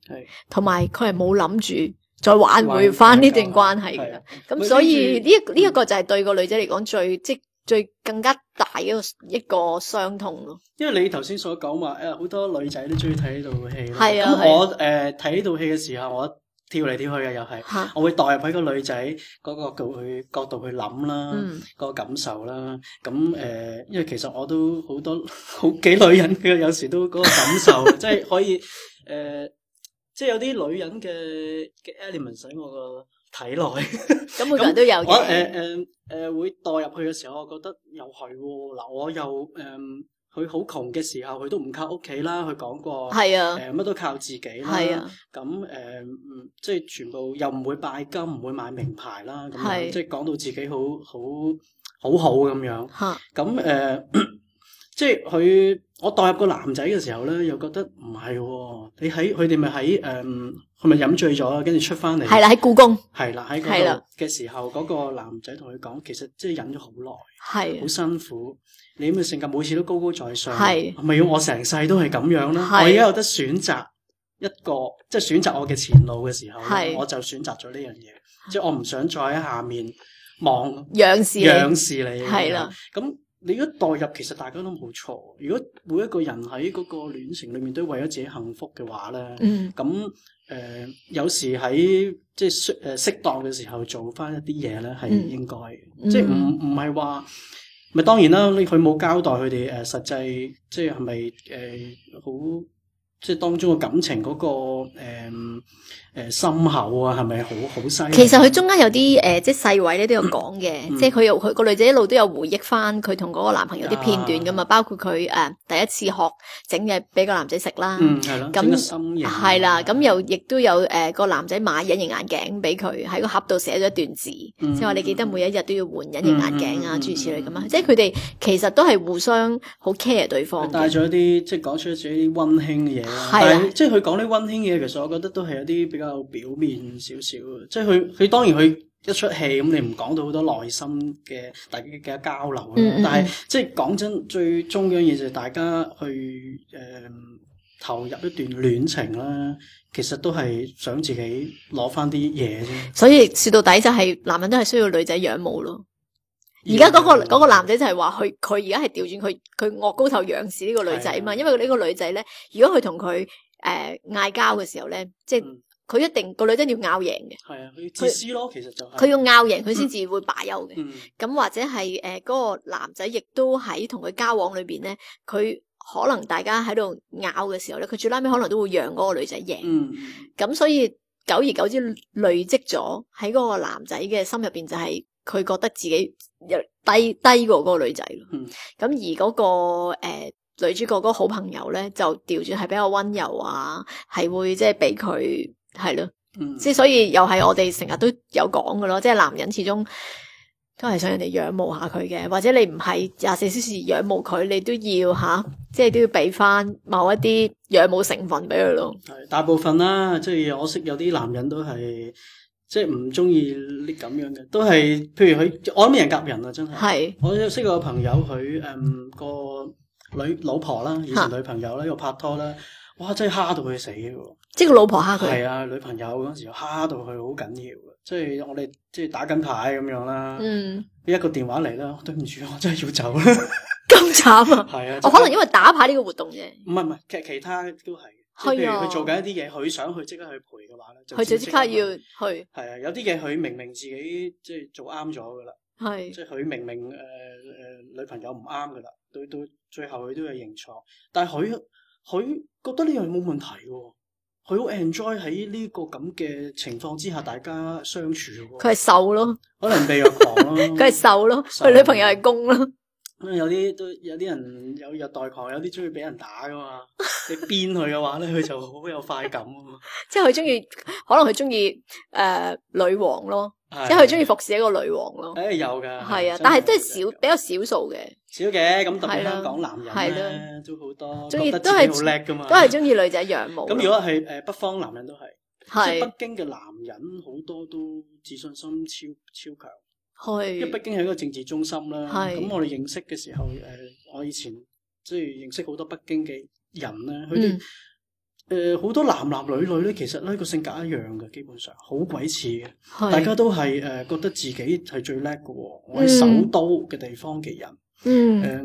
同埋佢係冇諗住。是是再挽回翻呢段關係嘅，咁所以呢一呢一個就係對個女仔嚟講最即、嗯、最，最更加大一個一個傷痛咯。因為你頭先所講話，誒好多女仔都中意睇呢套戲。係啊，我誒睇呢套戲嘅時候，我跳嚟跳去嘅又係，我會代入喺個女仔嗰叫佢角度去諗啦，嗯、個感受啦。咁誒、呃，因為其實我都好多好幾女人嘅，有時都嗰個感受，即係可以誒。即係有啲女人嘅嘅 elements 喺我個體內 每個人都有、 嗯，咁我誒誒誒會代入去嘅時候，我覺得又係喎。嗱，我又誒，佢好窮嘅時候，佢都唔靠屋企啦，佢講過，誒乜是、啊呃、都靠自己啦。咁誒是、啊嗯呃，即係全部又唔會拜金，唔會買名牌啦。咁是、啊、即係講到自己好好好好咁樣。咁誒、 呃，即係佢。我代入個男仔嘅時候咧，又覺得唔係，你喺佢哋咪喺誒，佢咪飲醉咗，跟住出翻嚟。係啦，喺故宮。係啦，喺嗰度嘅時候，嗰個男仔同佢講，其實即係忍咗好耐，係好辛苦。你咪性格，每次都高高在上，係咪要我成世都係咁樣咧？我而家有得選擇一個，即係選擇我嘅前路嘅時候，我就選擇咗呢樣嘢，即係我唔想再喺下面望仰視仰視你，係啦咁。你如果代入，其實大家都冇錯。如果每一個人喺嗰個戀情裏面都為咗自己幸福嘅話咧，咁誒、mm hmm. 呃、有時喺即係誒適當嘅時候做翻一啲嘢咧，係應該嘅、mm hmm. 呃。即係唔唔係話，咪當然啦，你佢冇交代佢哋誒實際即係係咪誒好？即係當中嘅感情嗰、那個誒誒、呃呃、深厚啊，係咪好好犀利？其實佢中間有啲誒、呃，即係細位咧都有講嘅，嗯、即係佢有佢個女仔一路都有回憶翻佢同嗰個男朋友啲片段㗎嘛，啊、包括佢誒、呃、第一次學整嘢俾個男仔食啦，咁係啦，咁那、啊、又亦、呃、都有誒個、呃、男仔買隱形眼鏡俾佢喺個盒度寫咗一段字，即係話你記得每一日都要換隱形眼鏡啊諸如此類㗎嘛，即係佢哋其實都係互相好 care 對方嘅，帶咗啲即係講出自己啲温馨嘅嘢。係，即係佢講啲溫馨嘢，其實我覺得都係有啲比較表面少少嘅。即係佢，佢當然佢一出戲咁，你唔講到好多內心嘅大家嘅交流。嗯嗯。但係即係講真，最中央嘢就係大家去誒、嗯、投入一段戀情啦。其實都係想自己攞翻啲嘢啫。所以說到底、就是，就係男人都係需要女仔仰慕咯。而家嗰個個男仔就係話，佢佢而家係調轉佢佢惡高頭仰視呢個女仔嘛，因為呢個女仔咧，如果佢同佢誒嗌交嘅時候咧，即係佢一定、嗯、個女仔要拗贏嘅。係啊，佢自私咯，其實就佢、是、要拗贏佢先至會罷休嘅。咁、嗯嗯、或者係誒嗰個男仔亦都喺同佢交往裏邊咧，佢可能大家喺度拗嘅時候咧，佢最拉尾可能都會讓嗰個女仔贏。咁、嗯、所以久而久之累積咗喺嗰個男仔嘅心入邊就係、是。佢覺得自己又低低過個女仔咯，咁、嗯、而嗰、那個誒、呃、女主角嗰個好朋友咧，就調轉係比較溫柔啊，係會即係俾佢係咯，即係、嗯、所以又係我哋成日都有講嘅咯，即係男人始終都係想人哋仰慕下佢嘅，或者你唔係廿四小時仰慕佢，你都要吓、啊，即係都要俾翻某一啲仰慕成分俾佢咯。大部分啦，即、就、係、是、我識有啲男人都係。即係唔中意呢咁樣嘅，都係譬如佢我諗人夾人啊，真係。係是。我有識個朋友佢誒、嗯、個女老婆啦，以前女朋友啦，又拍拖啦，哇！真係蝦到佢死嘅。即係個老婆蝦佢。係啊，女朋友嗰陣時蝦到佢好緊要嘅，即係我哋即係打緊牌咁樣啦。嗯。一個電話嚟啦，對唔住，我真係要走啦。咁 慘啊！係啊，就是、我可能因為打牌呢個活動啫。唔係唔係，其其他都係。譬如佢做緊一啲嘢，佢想去即刻去陪嘅話咧，佢就即刻要去。係啊去，有啲嘢佢明明自己即係做啱咗噶啦，即係佢明明誒誒、呃呃、女朋友唔啱噶啦，到到最後佢都要認錯，但係佢佢覺得呢樣冇問題嘅，佢好 enjoy 喺呢個咁嘅情況之下大家相處。佢係受咯， 可能被入房咯，佢係受咯，佢女朋友係攻咯。咁有啲都有啲人有虐待狂，有啲中意俾人打噶嘛？你鞭佢嘅話咧，佢就好有快感啊嘛！ 即係佢中意，可能佢中意誒女王咯，的即係佢中意服侍一個女王咯。誒，有噶，係啊，但係即係少，比較少數嘅。少嘅咁，特別的香港男人咧都好多，的覺得自己好叻噶嘛，都係中意女仔仰慕。咁如果係誒、呃、北方男人都係，係的北京嘅男人好多都自信心超超強。因為北京係一個政治中心啦，咁我哋認識嘅時候，誒， 我以前即係認識好多北京嘅人咧，佢哋誒好多男男女女咧，其實咧個性格一樣嘅，基本上好鬼似嘅，大家都係誒覺得自己係最叻嘅，嗯嗯嗯呃，我係首都嘅地方嘅人，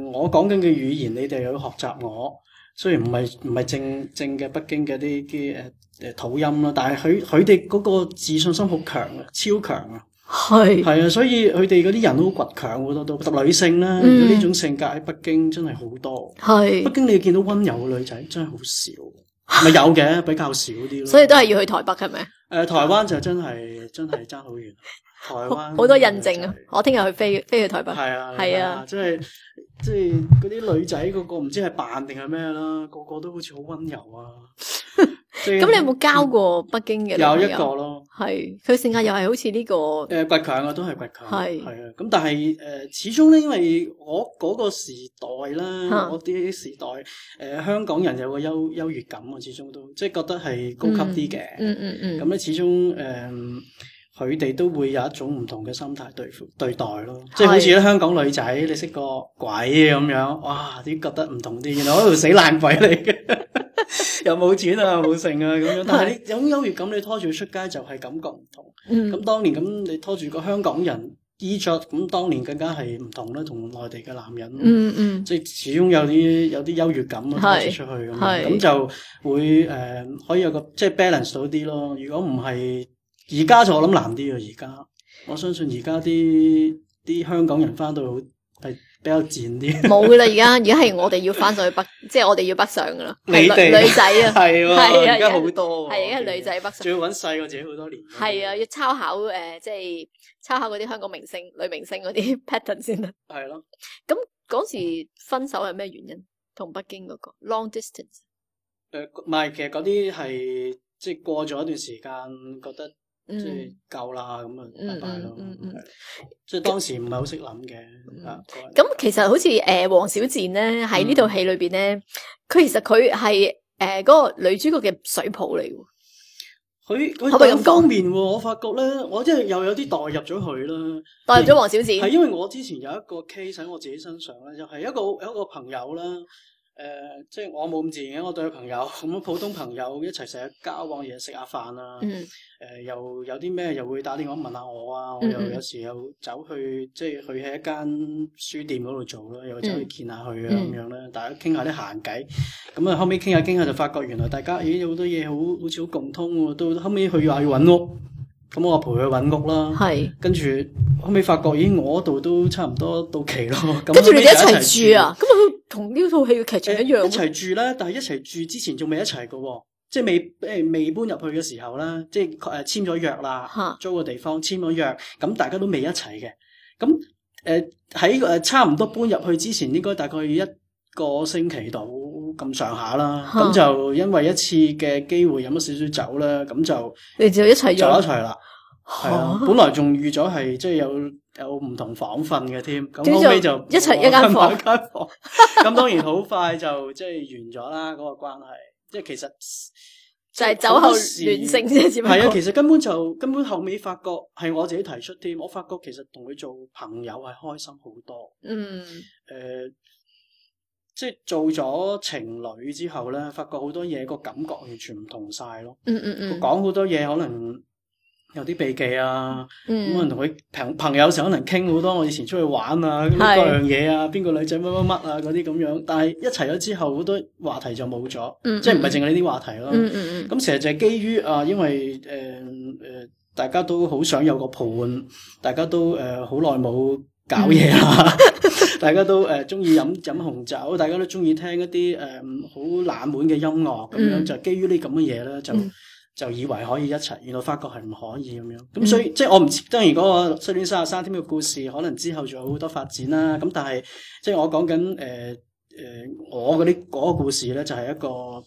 誒我講緊嘅語言，你哋又要學習我，雖然唔係唔係正正嘅北京嘅啲啲誒誒土音啦，但係佢佢哋嗰個自信心好強嘅，超強啊！係，係啊，所以佢哋嗰啲人都好倔強好多多，特特別女性咧，呢種性格喺北京真係好多。係，北京你見到温柔嘅女仔真係好少，咪有嘅比較少啲咯。所以都係要去台北，係咪？誒，台灣就真係真係爭好遠，台灣好多印證啊！我聽日去飛飛去台北，係啊，係啊，即係即係嗰啲女仔個個唔知係扮定係咩啦，個個都好似好温柔啊。咁你有冇交過北京嘅？有一個咯，係佢性格又係好似呢、這個誒倔強啊，都係倔強，係係啊。咁但係誒、呃，始終咧，因為我嗰個時代啦，啊、我啲時代誒、呃，香港人有個優優越感啊，始終都即係覺得係高級啲嘅、嗯，嗯嗯嗯。咁、嗯、咧，始終誒，佢、呃、哋都會有一種唔同嘅心態對付對待咯，是即係好似咧香港女仔，你識個鬼咁樣，哇，點覺得唔同啲，原來我條死爛鬼嚟嘅。 又冇錢啊，冇剩啊咁樣，但係你有啲優越感，你拖住佢出街就係感覺唔同。咁、嗯、當年咁你拖住個香港人衣着，咁當年更加係唔同啦，同內地嘅男人。嗯嗯，嗯即係始終有啲有啲優越感啊，嗯、拖住出去咁，咁是就會誒、呃、可以有個即係 balance 到啲咯。如果唔係，而家就我諗難啲啊。而家我相信而家啲啲香港人翻到好低。比較賤啲，冇噶啦！而家而家係我哋要翻上去北，即係 我哋要北上噶啦。你哋們女，女仔啊，係啊，而家好多、啊，係而家女仔北上，仲要搵細過自己好多年。係啊，要抄考誒，即、呃、係、即係、抄考嗰啲香港明星、女明星嗰啲 pattern 先得。係咯、啊，咁嗰時分手係咩原因？同北京嗰、嗰個 long distance。誒，唔係，其實嗰啲係即係過咗一段時間，覺得。嗯、即係夠啦，咁啊，就拜拜咯。嗯嗯嗯嗯、即係當時唔係好識諗嘅。咁其實好似誒，王、呃、小賤咧喺呢套戲、嗯、裏邊咧，佢其實佢係誒嗰個女主角嘅水泡嚟。佢可唔可以咁方便？我發覺咧，我即係又有啲代入咗佢啦。代入咗王小賤係因為我之前有一個 case 喺我自己身上咧，就係、是、一個有一個朋友啦。誒、呃，即係我冇咁自然嘅，我對佢朋友咁普通朋友一齊成日交往嘢，食下飯啊，誒、呃，又有啲咩又會打電話問下我啊，嗯、我又有時候又走去即係去喺一間書店嗰度做咯，又走去見下佢啊咁樣啦，大家傾下啲閒偈，咁啊、嗯、後尾傾下傾下就發覺原來大家咦有好多嘢好好似好共通喎，到後尾佢話要搵屋，咁我陪佢搵屋啦，是跟住後尾發覺咦我度都差唔多到期咯，跟住你哋一齊住啊，咁啊是。同呢套戲嘅劇情一樣，呃、一齊住啦。但係一齊住之前仲未一齊嘅，哦，即係未誒未搬入去嘅時候啦，即係誒簽咗約啦，啊、租個地方簽咗約，咁大家都未一齊嘅。咁誒喺誒差唔多搬入去之前，應該大概一個星期度咁上下啦。咁、啊、就因為一次嘅機會飲咗少少酒啦，咁就你就一齊約就一齊啦。係啊，啊，本來仲預咗係即係有，有唔同房瞓嘅添，咁、嗯、後尾就一齊一間房間一間房間，咁 當然好快就即係、就是、完咗啦。嗰、那個關係，即係其實 就係酒後亂性先至係啊。其實根本就根本後尾發覺係我自己提出添，我發覺其實同佢做朋友係開心好多。嗯，誒、呃，即、就、係、是、做咗情侶之後咧，發覺好多嘢個感覺完全唔同晒咯、嗯。嗯嗯嗯，講好多嘢可能。有啲秘忌啊，咁可能同佢朋朋友時候可能傾好多我以前出去玩啊，咁各樣嘢啊，邊個女仔乜乜乜啊嗰啲咁樣，但係一齊咗之後好多話題就冇咗，嗯嗯嗯，即係唔係淨係呢啲話題咯。咁其實就係基於啊，因為誒誒、呃，大家都好想有個伴，大家都誒好耐冇搞嘢啦，嗯嗯嗯嗯，大家都誒中意飲飲紅酒，大家都中意聽一啲誒好冷門嘅音樂，咁樣就基於呢咁嘅嘢啦。就。嗯嗯就以為可以一齊，原來發覺係唔可以咁樣。咁所以、嗯、即係我唔當、那個、然嗰個失戀三十三天嘅故事，可能之後仲有好多發展啦。咁但係即係我講緊誒誒我嗰啲嗰個故事咧，就係、是、一個。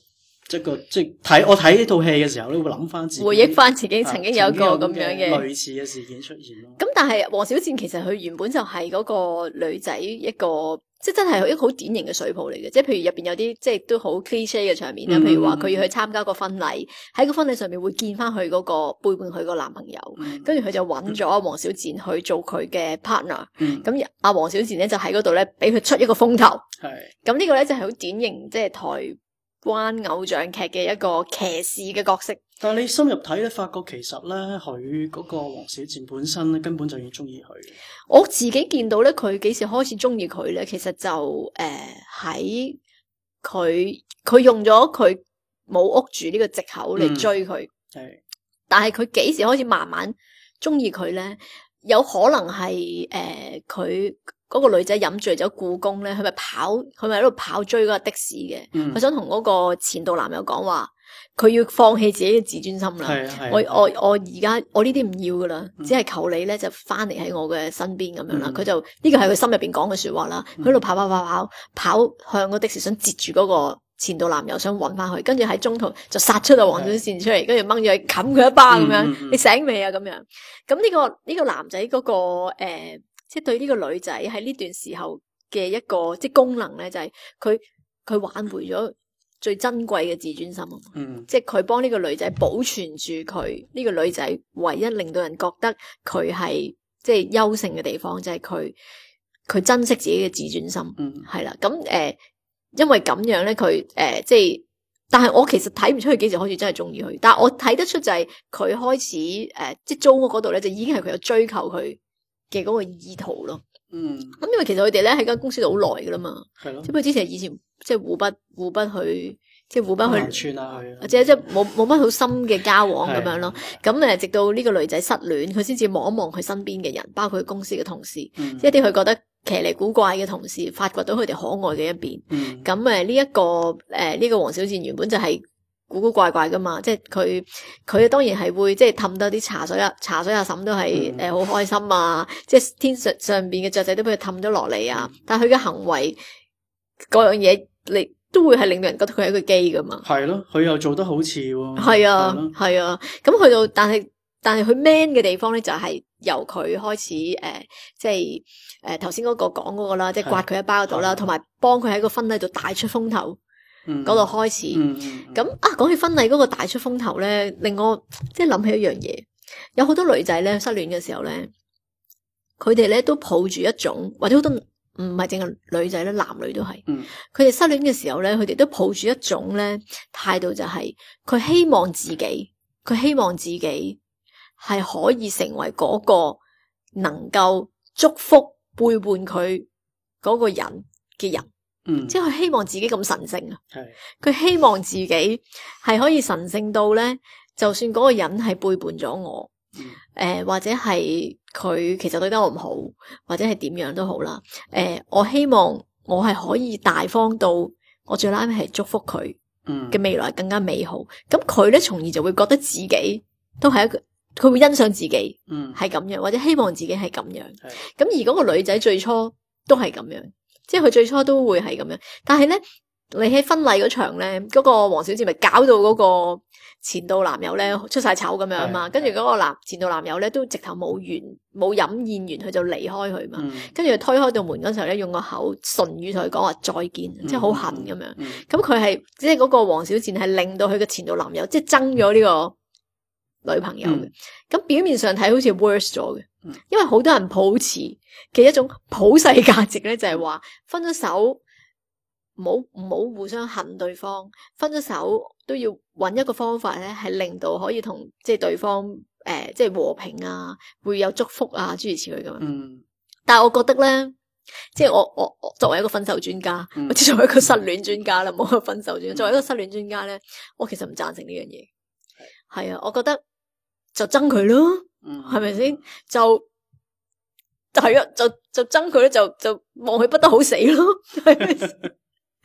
即係睇我睇呢套戲嘅時候咧，會諗翻自己回憶翻自己曾經有一個咁樣嘅、啊、類似嘅事件出現咯。咁但係王小賤其實佢原本就係嗰個女仔一個即係真係一個好典型嘅水泡嚟嘅，即係譬如入邊有啲即係都好 cliché 嘅場面啦。譬如話佢要去參加個婚禮，喺個婚禮上面會見翻佢嗰個背叛佢個男朋友，嗯、跟住佢就揾咗王小賤去做佢嘅 partner、嗯。咁阿王小賤咧就喺嗰度咧俾佢出一個風頭。係咁呢個咧就係、是、好典型，即、就、係、是、台。關偶像劇嘅一個騎士嘅角色，但係你深入睇咧，發覺其實咧，佢嗰個王小賤本身咧，根本就要中意佢。我自己見到咧，佢幾時開始中意佢咧？其實就誒喺佢佢用咗佢冇屋住呢個借口嚟追佢，嗯、但係佢幾時開始慢慢中意佢咧？有可能係誒佢。呃嗰個女仔飲醉咗故宮咧，佢咪跑，佢咪喺度跑追嗰個的士嘅，佢想同嗰個前度男友講話，佢要放棄自己嘅自尊心啦，我我我而家我呢啲唔要噶啦，只係求你咧就翻嚟，喺我嘅身邊咁樣啦。佢就呢個係佢心入邊講嘅說話啦，佢喺度跑跑跑跑跑向嗰的士，想截住嗰個前度男友，想搵翻佢。跟住喺中途就殺出個黃小仙出嚟，跟住掹咗佢冚佢一巴咁樣，你醒未啊？咁樣，咁呢個呢個男仔嗰個誒。即係對呢個女仔喺呢段時候嘅一個即係功能咧，就係佢佢挽回咗最珍貴嘅自尊心。嗯、mm，hmm. 即係佢幫呢個女仔保存住佢呢個女仔唯一令到人覺得佢係即係優勝嘅地方，就係佢佢珍惜自己嘅自尊心。Mm hmm. 嗯，係啦，咁誒，因為咁樣咧，佢誒、呃，即係，但係我其實睇唔出佢幾時開始真係中意佢，但係我睇得出就係、是、佢開始誒、呃，即係租我嗰度咧，就已經係佢有追求佢。嘅嗰個意圖咯，嗯，咁因為其實佢哋咧喺間公司好耐噶啦嘛，係咯了，即係之前以前即係互不互不去，即係互不去、啊、串啦，或者即係冇冇乜好深嘅交往咁對樣咯。咁誒，直到呢個女仔失戀，佢先至望一望佢身邊嘅人，包括佢公司嘅同事，嗯、即一啲佢覺得奇離古怪嘅同事，發掘到佢哋可愛嘅一面。咁誒、嗯，呢一、嗯這個誒呢、呃這個王小賤原本就係。古古怪怪噶嘛，即係佢佢當然係會即係氹到啲茶水啊，茶水啊，什都係誒好開心啊！即係天上上邊嘅雀仔都俾佢氹咗落嚟啊！嗯、但係佢嘅行為嗰樣嘢，你都會係令人覺得佢係一個機噶嘛？係咯，佢又做得好似喎、哦。係啊，係啊，咁、啊啊、去到但係但係佢 man 嘅地方咧，就係、是、由佢開始誒、呃，即係誒頭先嗰個講嗰、嗰個啦，即係刮佢一包度啦，同埋幫佢喺個婚禮度大出風頭。嗰度開始，咁啊，講起婚禮個大出風頭咧，令我即係諗起一樣嘢，有好多女仔咧，失戀嘅時候咧，佢哋咧都抱住一種，或者好多唔係淨係女仔咧，男女都係，佢哋失戀嘅時候咧，佢哋都抱住一種咧態度就係、是，佢希望自己，佢希望自己係可以成為個能夠祝福背叛佢個人嘅人。嗯，即係佢希望自己咁神聖啊，係佢的希望自己係可以神聖到咧，就算嗰個人係背叛咗我，誒、嗯呃、或者係佢其實對得我唔好，或者係點樣都好啦，誒、呃、我希望我係可以大方到我最拉尾係祝福佢，嗯嘅未來更加美好，咁佢咧從而就會覺得自己都係一個佢會欣賞自己樣，嗯係咁樣或者希望自己係咁樣，咁的而嗰個女仔最初都係咁樣。即係佢最初都會係咁樣，但係咧，你喺婚禮嗰場咧，嗰、那個王小賤咪搞到嗰個前度男友咧、嗯、出晒醜咁樣啊嘛，嗯、跟住嗰個男前度男友咧都直頭冇完冇飲宴完，佢就離開佢嘛，嗯、跟住佢推開到門嗰時候咧，用個口唇語同佢講話再見，嗯、即係好恨咁樣，咁佢係即係嗰個王小賤係令到佢嘅前度男友即係爭咗呢個。女朋友嘅，咁表面上睇好似 worse 咗嘅，因為好多人抱持嘅一種普世價值咧，就係、是、話分咗手，唔好唔好互相恨對方，分咗手都要揾一個方法咧，係令到可以同即係對方誒、呃，即係和平啊，會有祝福啊，諸如此類咁樣。但係我覺得咧，即係我我我作為一個分手專家，我、嗯、作為一個失戀專家啦，冇去分手專家，作為一個失戀專家咧，我其實唔贊成呢樣嘢，係啊，我覺得。就憎佢咯，係咪先？就就係啊，就就憎佢咧，就就望佢不得好死咯。係咪先？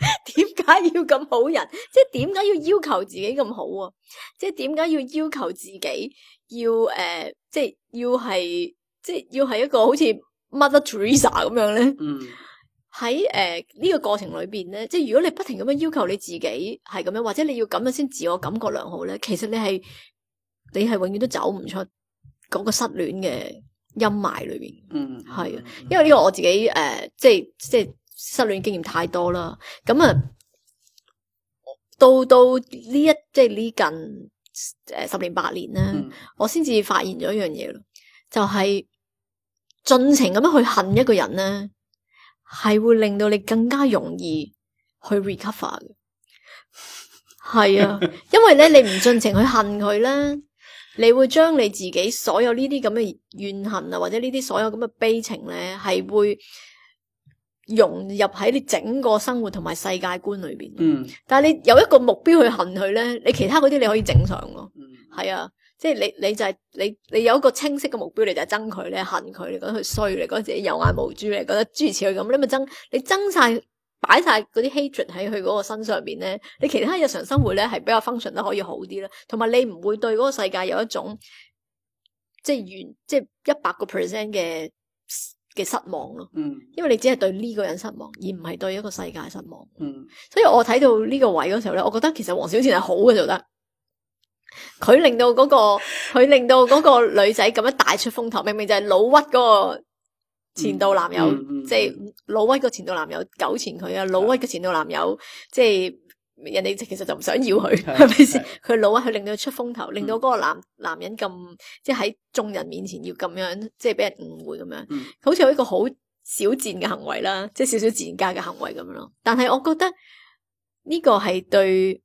點解 要咁好人？即係點解要要求自己咁好啊？即係點解要要求自己要誒？即、呃、係、就是、要係即係要係一個好似 Mother Teresa 咁樣咧？嗯，喺誒呢個過程裏邊咧，即、就、係、是、如果你不停咁樣要求你自己係咁樣，或者你要咁樣先自我感覺良好咧，其實你係。你係永遠都走唔出嗰個失戀嘅陰霾裏邊，嗯，係啊，因為呢個我自己誒、呃，即係即係失戀經驗太多啦，咁、嗯、啊，到到呢一即係呢近誒、呃、十年八年咧，嗯、我先至發現咗一樣嘢咯，就係盡情咁樣去恨一個人咧，係會令到你更加容易去 recover 嘅，係啊， 因為咧你唔盡情去恨佢咧。你會將你自己所有呢啲咁嘅怨恨啊，或者呢啲所有咁嘅悲情咧，係會融入喺你整個生活同埋世界觀裏邊。嗯，但係你有一個目標去恨佢咧，你其他嗰啲你可以正常咯。嗯，係啊，即係你你就係、是、你你有一個清晰嘅目標，你就係憎佢咧，恨佢，你覺得佢衰，你覺得自己有眼無珠，你覺得諸如此類咁，你咪憎？你憎晒。擺晒嗰啲 hatred 喺佢嗰個身上邊咧，你其他日常生活咧係比較 function 得可以好啲咧，同埋你唔會對嗰個世界有一種即係完即係一百個 percent 嘅嘅失望咯。嗯，因為你只係對呢個人失望，而唔係對一個世界失望。嗯，所以我睇到呢個位嗰時候咧，我覺得其實黃小仙係好嘅就得，佢令到嗰、嗰個佢 令到嗰個女仔咁樣大出風頭，明明就係老屈、嗰個。前度男友，嗯嗯嗯、即係老威嘅前度男友糾纏佢啊！老威嘅前度男友，的即係人哋其實就唔想要佢，係咪先？佢的老威，佢令到佢出風頭，嗯、令到嗰個男男人咁，即係喺眾人面前要咁樣，即係俾人誤會咁樣，嗯、好似有一個好小賤嘅行為啦，即係少少賤家嘅行為咁樣咯。但係我覺得呢個係對誒，呢、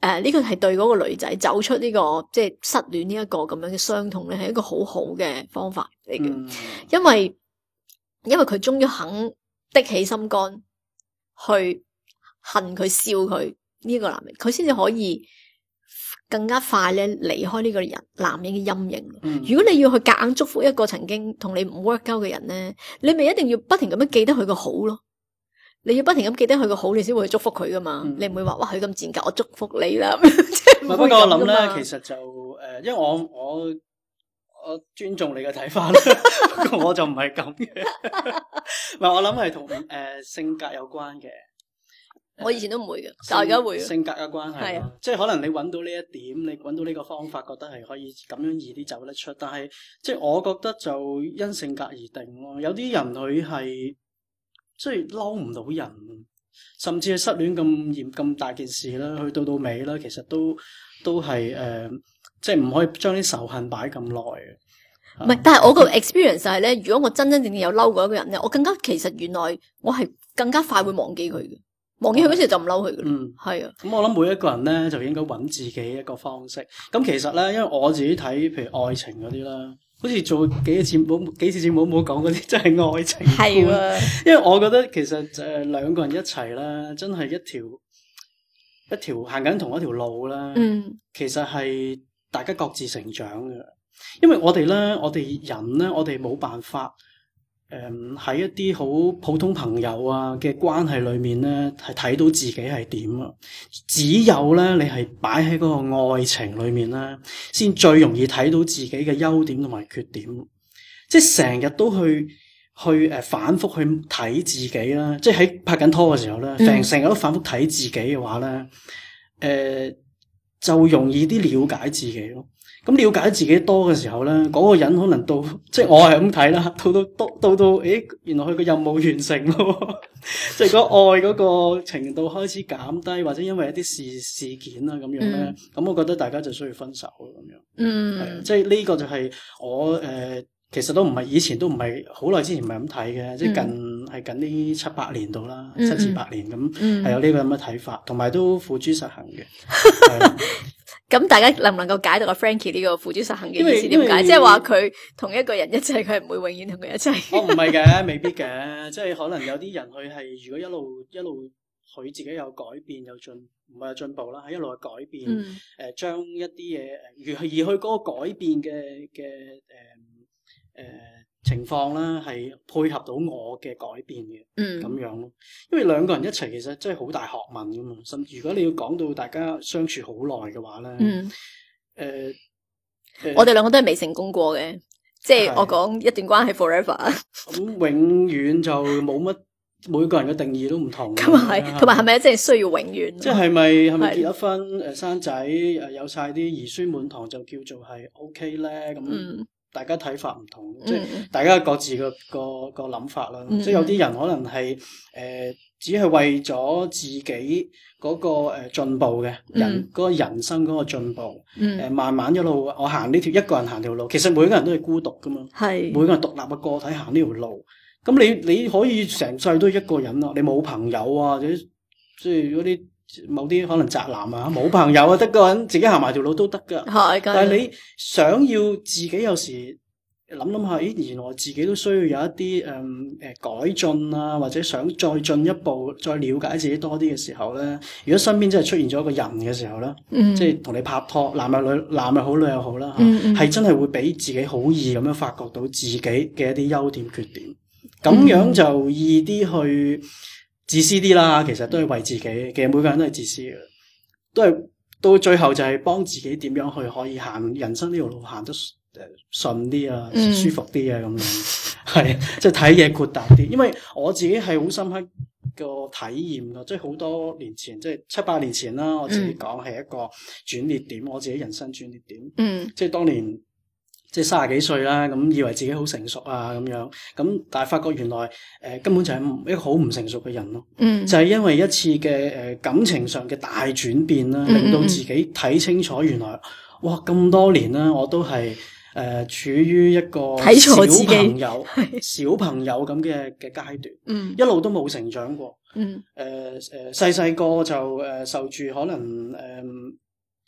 呃這個係對嗰個女仔走出呢、這個即係失戀呢一個咁樣嘅傷痛咧，係一個好好嘅方法嚟嘅，因為。因為佢終於肯的起心肝去恨佢、笑佢呢、這個男人，佢先至可以更加快咧離開呢個人男人嘅陰影。嗯、如果你要去夾硬，硬祝福一個曾經同你唔 work 交嘅人咧，你咪一定要不停咁樣記得佢個好咯。你要不停咁記得佢個好，你先會去祝福佢噶嘛。嗯、你唔會話哇佢咁賤格，我祝福你啦。 不過我諗咧，其實就誒、呃，因為我我。我尊重你嘅睇法，啦，不過我就唔係咁嘅。唔係我諗係同誒性格有關嘅。呃、我以前都唔會嘅，性大家會性格嘅關係，的即係可能你搵到呢一點，你搵到呢個方法，覺得係可以咁樣易啲走得出。但係即係我覺得就因性格而定咯。有啲人佢係即係嬲唔到人，甚至係失戀咁嚴咁大件事啦，去到到尾啦，其實都都係誒。呃即係唔可以將啲仇恨擺咁耐嘅，唔係、嗯。但係我個 experience 係咧， 如果我真真正正有嬲過一個人咧，我更加其實原來我係更加快會忘記佢嘅，忘記佢嗰時就唔嬲佢嘅。嗯，係啊。咁我諗每一個人咧就應該揾自己一個方式。咁其實咧，因為我自己睇，譬如愛情嗰啲啦，好似做幾次節目幾次節目都冇講嗰啲，真係愛情係啊。因為我覺得其實誒兩個人一齊啦，真係一條一條行緊同一條路啦。嗯，其實係。嗯大家各自成長嘅，因為我哋咧，我哋人咧，我哋冇辦法，誒、呃、喺一啲好普通朋友啊嘅關係裏面咧，係睇到自己係點啊！只有咧，你係擺喺嗰個愛情裏面咧，先最容易睇到自己嘅優點同埋缺點。即係成日都去去誒反覆去睇自己啦，即係喺拍緊拖嘅時候咧，成成日都反覆睇自己嘅話咧，誒、呃。就容易啲了解自己咯。咁了解自己多嘅時候呢，嗰個人可能到即係我係咁睇啦。到到到到到，誒，原來佢個任務完成咯， 即係個愛嗰個程度開始減低，或者因為一啲事事件啦咁樣呢，咁、嗯、我覺得大家就需要分手咯咁樣。嗯，即係呢個就係我誒。呃其實都唔係，以前都唔係好耐之前唔係咁睇嘅，即係近係近呢七八年度啦，七至八年咁，係有呢個咁嘅睇法，同埋都付諸實行嘅。咁大家能唔能夠解讀阿 Frankie 呢個付諸實行嘅意思點解？即係話佢同一個人一齊，佢唔會永遠同佢一齊。哦唔係嘅，未必嘅，即係可能有啲人佢係如果一路一路佢自己有改變有進，唔係有進步啦，係一路改變，誒，將一啲嘢，而去嗰個改變嘅嘅誒。誒、呃，情況啦係配合到我嘅改變嘅，咁樣咯。嗯、因為兩個人一齊其實真係好大學問噶嘛。甚至如果你要講到大家相處好耐嘅話咧，誒、嗯呃，我哋兩個都係未成功過嘅，是 即係我講一段關係 forever。咁是、嗯、永遠就冇乜， 每個人嘅定義都唔同。咁係，同埋係咪即係需要永遠？即係咪係咪結咗婚誒，生仔誒，有晒啲兒孫滿堂就叫做係 OK 咧？咁、嗯。 大家睇法唔同，即係大家各自、嗯、個個個諗法啦。嗯、即係有啲人可能係誒、呃，只係為咗自己嗰、嗰個誒、呃、進步嘅人，嗰個、嗯、人生嗰個進步。誒、嗯呃，慢慢一路我行呢條一個人行條路，其實每個人都係孤獨噶嘛。係是每個人獨立嘅個體行呢條路。咁你你，你可以成世都一個人咯，你冇朋友啊，或者即係嗰啲。某啲可能宅男啊，冇朋友啊，得個人自己行埋條路都得㗎。 但係你想要自己有時諗諗下，咦、哎，原來自己都需要有一啲誒誒改進啊，或者想再進一步再了解自己多啲嘅時候咧，如果身邊真係出現咗一個人嘅時候咧，即係同你拍拖，男又女，男又好女又好啦，係、嗯嗯啊、真係會俾自己好易咁樣發覺到自己嘅一啲優點缺點，咁樣就易啲去。自私啲啦，其實都係為自己，其實每個人都係自私嘅，都係到最後就係幫自己點樣去可以行人生呢條路行得順啲啊，舒服啲啊咁樣，嗯，係即係睇嘢豁達啲。因為我自己係好深刻個體驗啊，即係好多年前，即係七八年前啦，我自己講係一個轉捩點，我自己人生轉捩點，嗯，即係當年。即係卅幾歲啦，咁以為自己好成熟啊，咁樣咁，但係發覺原來誒、呃、根本就係一個好唔成熟嘅人咯，嗯，就係因為一次嘅誒感情上嘅大轉變啦，令到自己睇清楚，原來哇咁多年啦，我都係誒、呃、處於一個小朋友、 小朋友咁嘅嘅階段，嗯，一路都冇成長過，嗯、呃，誒誒細細個就誒受住可能誒。呃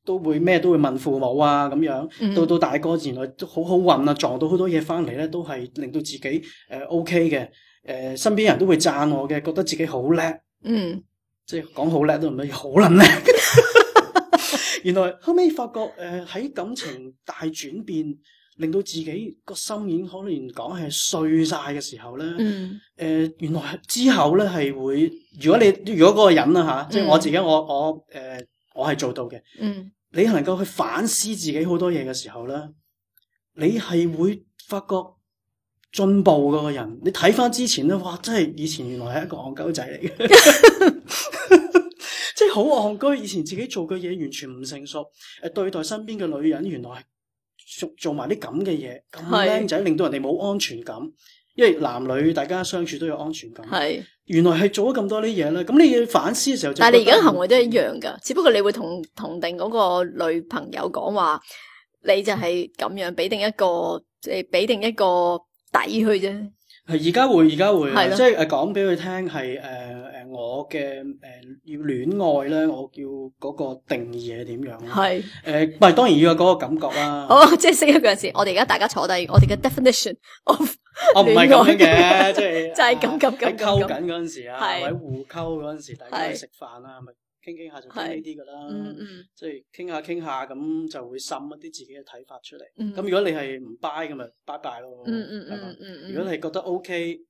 都會咩都會問父母啊，咁樣，到到大哥原來都好好運啊，撞到好多嘢翻嚟咧，都係令到自己誒、呃、OK 嘅。誒、呃、身邊人都會讚我嘅，覺得自己好叻。嗯，即係講好叻都唔係好撚叻。 原來後尾發覺誒喺、呃、感情大轉變，令到自己個心已經可能講係碎晒嘅時候咧。誒、嗯呃，原來之後咧係會，如果你、嗯、如果嗰個人啊，吓，即係我自己我，我我誒。我呃呃我係做到嘅，嗯、你能夠去反思自己好多嘢嘅時候咧，你係會發覺進步個人。你睇翻之前咧，哇，真係以前原來係一個戇鳩仔嚟嘅， 即係好戇居。以前自己做嘅嘢完全唔成熟，誒，對待身邊嘅女人，原來係做做埋啲咁嘅嘢，咁靚仔，令到人哋冇安全感。即係男女大家相處都有安全感。係是原來係做咗咁多啲嘢咧，咁你要反思嘅時候就。但係你而家行為都係一樣噶，只不過你會同同定嗰個女朋友講話，你就係咁樣俾定一個，即係俾定一個底去啫。係而家會，而家會，即係誒講俾佢聽係誒誒我嘅誒要戀愛咧，我叫嗰個定義係點樣咧？係誒，唔係當然要有嗰個感覺啦。好，即係識一個人時，我哋而家大家坐低，我哋嘅 definition of 戀愛嘅，即係就係咁咁咁。喺溝緊嗰陣時啊，喺互溝嗰陣時，大家去食飯啦，係咪？傾傾下就多呢啲噶啦，嗯嗯即係傾下傾下咁就會滲一啲自己嘅睇法出嚟。咁、嗯嗯、如果你係唔 buy 咁咪拜拜咯。嗯嗯嗯嗯嗯如果你係覺得 OK。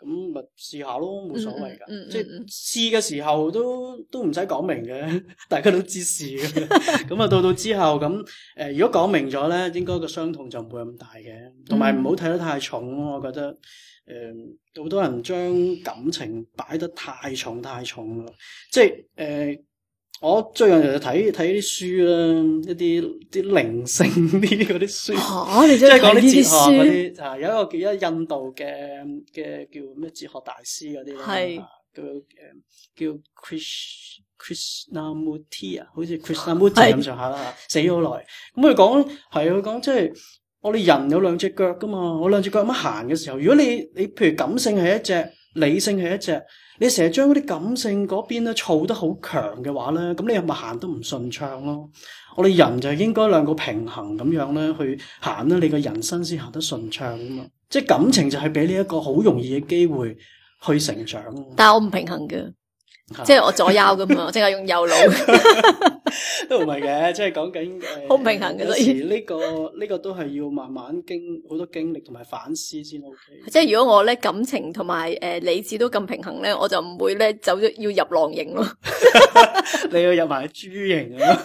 咁咪試下咯，冇所謂噶，嗯嗯嗯、即係試嘅時候都都唔使講明嘅，大家都知事嘅。咁啊，到到之後咁，誒、呃，如果講明咗咧，應該個傷痛就唔會咁大嘅，同埋唔好睇得太重咯。我覺得，誒、呃，好多人將感情擺得太重太重啦，即係誒。呃我最近就睇睇啲書啦，一啲啲靈性啲嗰啲書，即係講啲哲學嗰啲啊。有一個叫一印度嘅嘅叫咩哲學大師嗰啲啦，佢誒是叫，叫 Krish, Krishnamurti 啊，好似 Krishnamurti 咁上下啦吓，死咗好耐。咁佢講係佢講，即係我哋人有兩隻腳噶嘛，我兩隻腳咁行嘅時候，如果你你譬如感性係一隻，理性係一隻。你成日將嗰啲感性嗰邊咧操得好強嘅話咧，咁你係咪行得唔順暢咯？我哋人就應該兩個平衡咁樣咧去行咧，你個人生先行得順暢啊嘛！即係感情就係俾你一個好容易嘅機會去成長。但我唔平衡嘅。即係我左右咁樣，即係用右腦。都唔係嘅，即係講緊好唔平衡嘅。有時呢個呢個都係要慢慢經好多經歷同埋反思先 OK。即係如果我咧感情同埋誒理智都咁平衡咧，我就唔會咧走咗要入狼營咯。你要入埋豬營咁啊！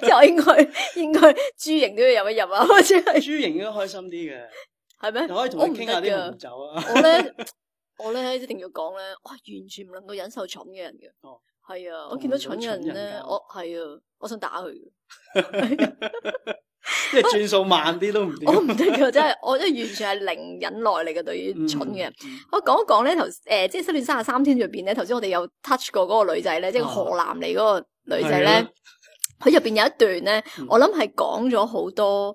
即係我應該應該豬營都要入一入啊，或者係豬營都開心啲嘅，係咩？你可以同佢傾下呢紅酒啊。我咧，一定要講咧，哇！完全唔能夠忍受蠢嘅人嘅，係、哦、啊！我見到蠢人咧，蠢蠢人我係啊，我想打佢。即係轉數慢啲都唔 我唔得嘅，真係我真係完全係零忍耐力嘅，對於蠢嘅。嗯、我講一講咧，頭誒、呃、即係《失戀三十三天》面呢入邊咧，頭先我哋有 touch 過嗰個女仔咧，哦、即係河南嚟嗰個女仔咧，佢入邊有一段咧，我諗係講咗好多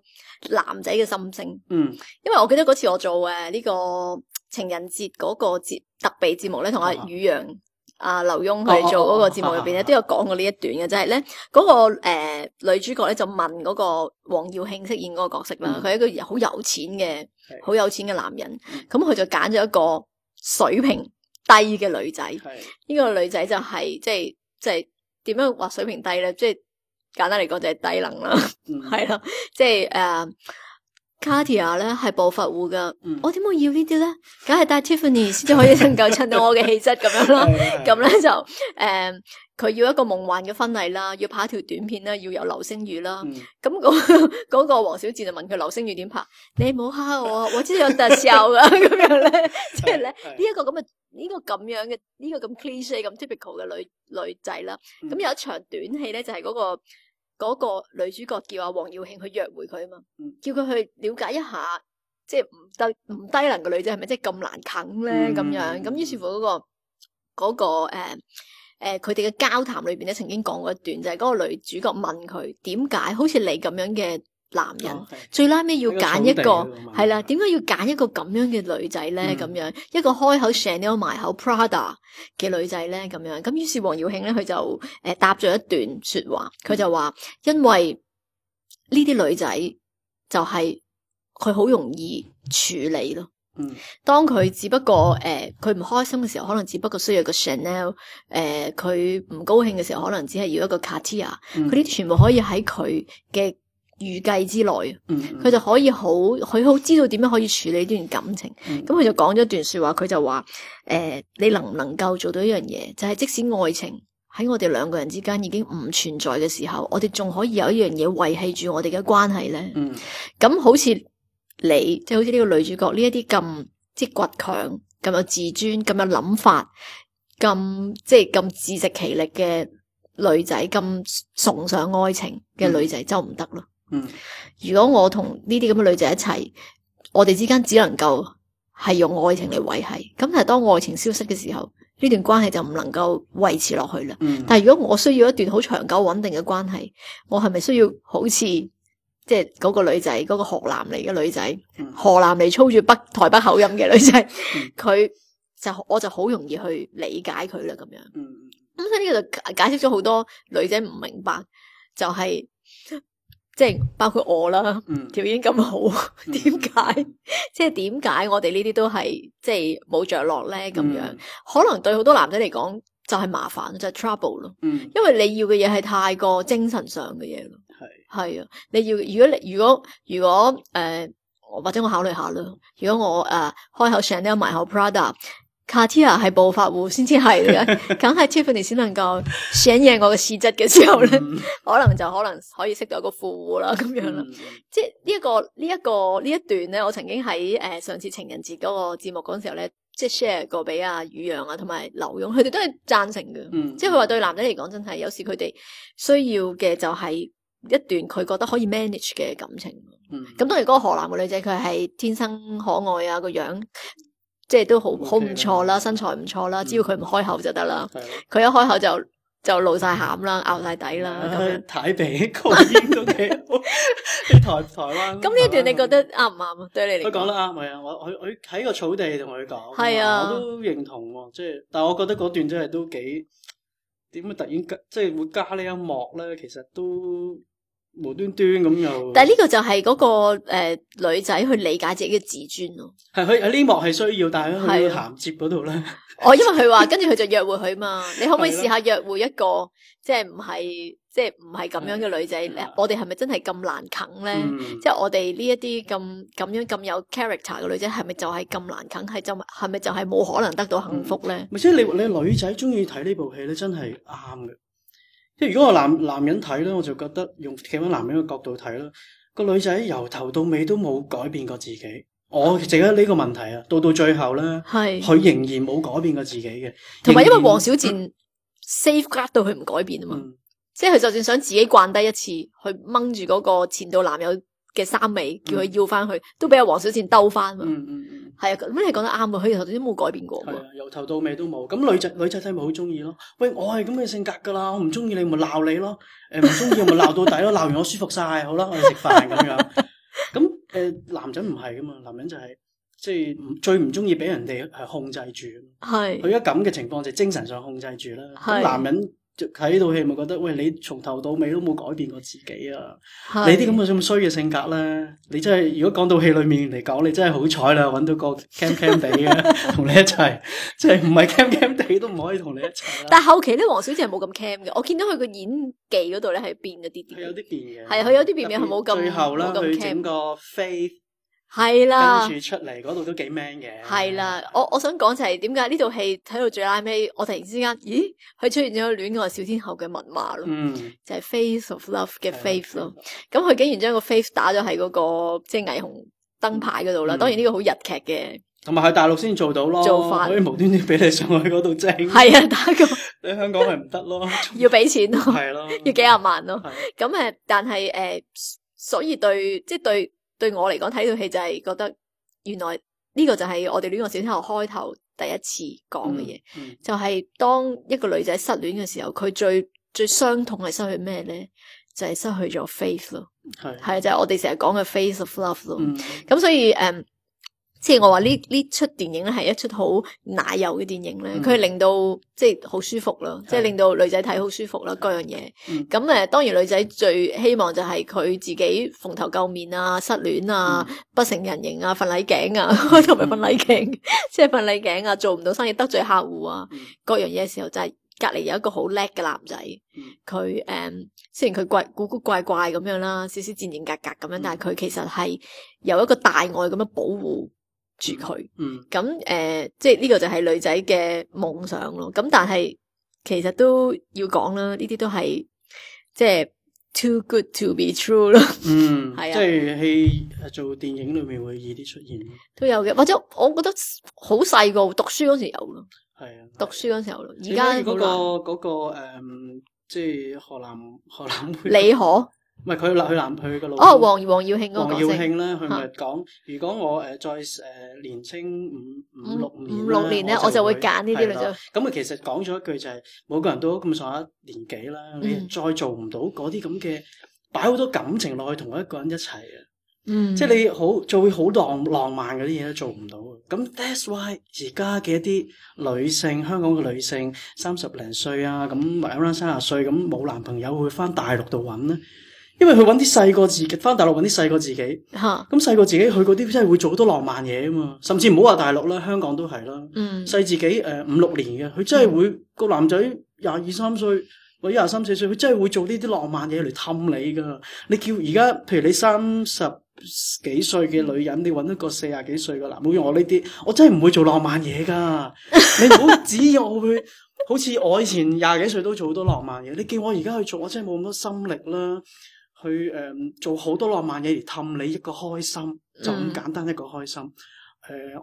男仔嘅心聲。嗯，因為我記得嗰次我做誒呢、這個。情人節嗰個節特別節目咧，同阿雨陽、阿劉墉去做嗰個節目入邊咧，都有講過呢一段嘅，uh huh. 就係咧嗰個誒、uh, 女主角咧就問嗰個王耀慶飾演嗰個角色啦，佢、mm hmm. 係一個好有錢嘅、好、mm hmm. 有錢嘅男人，咁佢、mm hmm. 就揀咗一個水平低嘅女仔，呢、mm hmm. 個女仔就係即係即係點樣話水平低咧，即、就、係、是、簡單嚟講就係低能啦，係 咯、mm，即係誒。 Cartier 咧係暴發戶噶，我點會要呢啲咧？梗係戴 Tiffany 先至可以能夠襯到我嘅氣質咁樣囉。咁咧就誒，佢要一個夢幻嘅婚禮啦，要拍一條短片啦，要有流星雨啦。咁嗰嗰個王小賤就問佢流星雨點拍，你唔好蝦我，我我只有特效噶。咁樣咧，即係咧呢一個咁嘅呢個咁樣嘅呢個咁 classic 咁 typical 嘅女女仔啦。咁有一場短戲咧就係嗰個。嗰個女主角叫阿王耀慶去約會佢啊嘛，叫佢去了解一下，即係唔低唔低能嘅女仔係咪即係咁難啃咧咁樣？咁於是乎嗰、嗰個、嗰個誒誒，佢哋嘅交談裏邊咧曾經講過一段，就係、是、嗰個女主角問佢點解好似你咁樣嘅。男人，oh, okay. 最拉尾要揀一個係啦，點解要揀一個咁樣嘅女仔咧？咁、嗯、樣一個開口 Chanel、埋口 Prada 嘅女仔咧，咁樣咁，於是黃兆慶王耀慶咧，佢就誒、呃、答咗一段說話，佢就話、嗯、因為呢啲女仔就係佢好容易處理咯。嗯，當佢只不過誒佢唔開心嘅時候，可能只不過需要個 Chanel；誒、呃，佢唔高興嘅時候，可能只係要一個 Cartier、嗯。佢啲全部可以喺佢嘅。預計之內，佢、mm hmm. 就可以好，佢好知道點樣可以處理呢段感情。咁佢、mm hmm. 就講咗段說話，佢就話：誒、呃，你能唔能夠做到一樣嘢？就係、是、即使愛情喺我哋兩個人之間已經唔存在嘅時候，我哋仲可以有一樣嘢維繫住我哋嘅關係咧？咁、mm hmm. 好似你，即係好似呢個女主角呢一啲咁即係倔強、咁有自尊、咁有諗法、咁即係咁自食其力嘅女仔，咁崇尚愛情嘅女仔、mm hmm. 就唔得咯。嗯，如果我同呢啲咁嘅女仔一齊，我哋之間只能夠係用愛情嚟維繫。咁但係當愛情消失嘅時候，呢段關係就唔能夠維持落去啦。但係如果我需要一段好長久穩定嘅關係，我係咪需要好似即係嗰個女仔，嗰個河南嚟嘅女仔，河南嚟操住北台北口音嘅女仔，佢就我就好容易去理解佢啦咁樣。嗯。咁所以呢個就解釋咗好多女仔唔明白，就係。即係包括我啦，條、嗯、件咁好，點解、嗯？ 即係點解我哋呢啲都係即係冇着落咧？咁樣、嗯、可能對好多男仔嚟講就係麻煩，就係 trouble 咯。就是、tr 嗯，因為你要嘅嘢係太過精神上嘅嘢咯。係係是啊，你要如果如果如果誒、呃，或者我考慮下咯。如果我誒、呃、開口 Chanel 埋口 Prada。Cartier 係暴發戶，先至係，梗係 Tiffany 先能夠上應我嘅市值嘅時候咧，mm hmm. 可能就可能可以識到一個富戶啦，咁樣啦。Mm hmm. 即係呢一個呢一、這個呢一段咧，我曾經喺誒、呃、上次情人節嗰個節目嗰陣時候咧，即係 share 過俾阿宇陽啊同埋劉勇，佢哋都係贊成嘅。Mm hmm. 即係佢話對男仔嚟講，真係有時佢哋需要嘅就係一段佢覺得可以 manage 嘅感情。咁、mm hmm. 當然嗰個河南嘅女仔，佢係天生可愛啊個樣。即係都好好唔錯啦，身材唔錯啦，只要佢唔開口就得啦。佢、嗯、一開口就就露晒餡啦，咬晒底啦咁。睇地公都幾好。 台台灣。咁呢灣灣段你覺得啱唔啱啊？對，你嚟講。佢講得啱，係啊，我我我喺個草地同佢講。係啊，我都認同喎。即係，但係我覺得嗰段真係都幾點啊！突然加即係會加呢一幕咧，其實都。無端端咁又，但係呢個就係嗰、嗰個誒、呃、女仔去理解自己嘅自尊咯。係去喺呢幕係需要，但係去銜接嗰度咧。 哦，因為佢話跟住佢就約會佢嘛。你可唔可以試下約會一個，的一個即係唔係即係唔係咁樣嘅女仔？的我哋係咪真係咁難啃咧？即係、嗯、我哋呢一啲咁咁樣咁有 character 嘅女仔，係咪就係咁難啃？係就係咪就係冇可能得到幸福咧？咪、嗯、即係你你女仔中意睇呢部戲咧，真係啱嘅。即係如果我男男人睇咧，我就覺得用企喺男人嘅角度睇咧，個女仔由頭到尾都冇改變過自己。我淨係得呢個問題啊，到到最後咧，係佢是仍然冇改變過自己嘅。同埋、嗯、然因為王小賤 safe guard 到佢唔改變啊嘛，嗯、即係佢就算想自己慣低一次，去掹住嗰個前度男友。嘅衫尾叫佢要翻去，都俾阿黃小倩兜翻。嗯嗯嗯，係啊，咁你講得啱啊，佢頭先都冇改變過。係啊，由頭到尾都冇。咁女仔女仔咪好中意咯。喂，我係咁嘅性格噶啦，我唔中意你，咪鬧你咯。誒、呃，唔中意我咪鬧到底咯，鬧 完我舒服晒。好啦，我哋食飯咁樣。咁誒、 呃，男人唔係噶嘛，男人就係即係最唔中意俾人哋係控制住。係佢而家咁嘅情況就精神上控制住啦。咁是男人。睇呢套戲咪覺得，喂，你從頭到尾都冇改變過自己啊！是你啲咁嘅咁衰嘅性格咧，你真係如果講到戲裏面嚟講，你真係好彩啦，揾到個 cam cam 地嘅同你一齊，即係唔係 cam cam 地都唔可以同你一齊。 但係後期咧，黃小姐係冇咁 cam 嘅，我見到佢個演技嗰度咧係變咗啲。佢有啲變嘅。係佢有啲變，變係冇咁 cam。最後咧，佢整個 faith。係啦，跟住出嚟嗰度都幾 man 嘅。係啦，我我想講就係點解呢套戲睇到最拉尾，我突然之間，咦，佢出現咗戀愛小天后嘅文話咯，就係 Face of Love 嘅 Faith 咯。咁佢竟然將個 Face 打咗喺嗰個即係霓虹燈牌嗰度啦。當然呢個好日劇嘅，同埋喺大陸先做到咯，做法可以無端端俾你上去嗰度即係。係啊，打個喺香港係唔得咯，要俾錢咯，係咯，要幾廿萬咯。咁誒，但係誒，所以對即係對。對我嚟講，睇套戲就係覺得原來呢個就係我哋戀愛小天后開頭第一次講嘅嘢，嗯嗯、就係當一個女仔失戀嘅時候，佢最最傷痛係失去咩咧？就係、是、失去咗 faith 咯，係係的就係、是、我哋成日講嘅 faith of love 咯。咁、嗯、所以嗯。Um, 即係我話呢呢出電影咧係一出好奶油嘅電影咧，佢係令到即係好舒服咯，嗯、即係令到女仔睇好舒服啦，各樣嘢。咁誒、嗯，當然女仔最希望就係佢自己蓬頭垢面啊，失戀啊，嗯、不成人形啊，瞓捩頸啊，同埋瞓捩頸，即係瞓捩頸啊，做唔到生意得罪客戶啊，嗯、各樣嘢嘅時候，就係隔籬有一個好叻嘅男仔，佢誒、嗯，雖然佢怪古，古古怪怪咁樣啦，少少賤賤格格咁樣，但係佢其實係有一個大愛咁樣保護住佢，咁誒、嗯呃，即係呢個就係女仔嘅夢想咯。咁但係其實都要講啦，呢啲都係即係 too good to be true 咯。嗯，係 啊，即係喺做電影裏面會易啲出現。都有嘅，或者我覺得好細個讀書嗰時有咯。係啊，讀書嗰時候有咯。而家嗰個、嗰個誒、嗰個嗯，即係河南河南妹李可。唔係佢南佢南佢個老哦，王王耀慶嗰個角色。王耀慶咧佢咪講，如果我誒再誒年青五五六年啦，我就會揀呢啲咯。咁啊其實講咗一句就係每個人都咁上下年紀啦，你再做唔到嗰啲咁嘅擺好多感情落去同我一個人一齊啊，嗯，即係你好就會好浪浪漫嗰啲嘢都做唔到嘅。咁 that's why 而家嘅一啲女性香港嘅女性三十零歲啊，咁或者三十歲咁冇男朋友，會翻大陸度揾咧。因為佢揾啲細個自己，翻大陸揾啲細個自己，咁細、啊、個自己佢嗰啲真係會做好多浪漫嘢啊嘛！甚至唔好話大陸啦，香港都係啦。細、嗯、自己誒五六年嘅，佢真係會個、嗯、男仔廿二三歲或者廿三四歲，佢真係會做呢啲浪漫嘢嚟氹你噶。你叫而家，譬如你三十幾歲嘅女人，你揾一個四廿幾歲嘅男啦，冇用我呢啲，我真係唔會做浪漫嘢噶。你唔好指我會 好似我以前廿幾歲都做好多浪漫嘢。你叫我而家去做，我真係冇咁多心力啦。去誒，做好多浪漫嘢嚟氹你一個開心，就咁簡單一個開心。誒，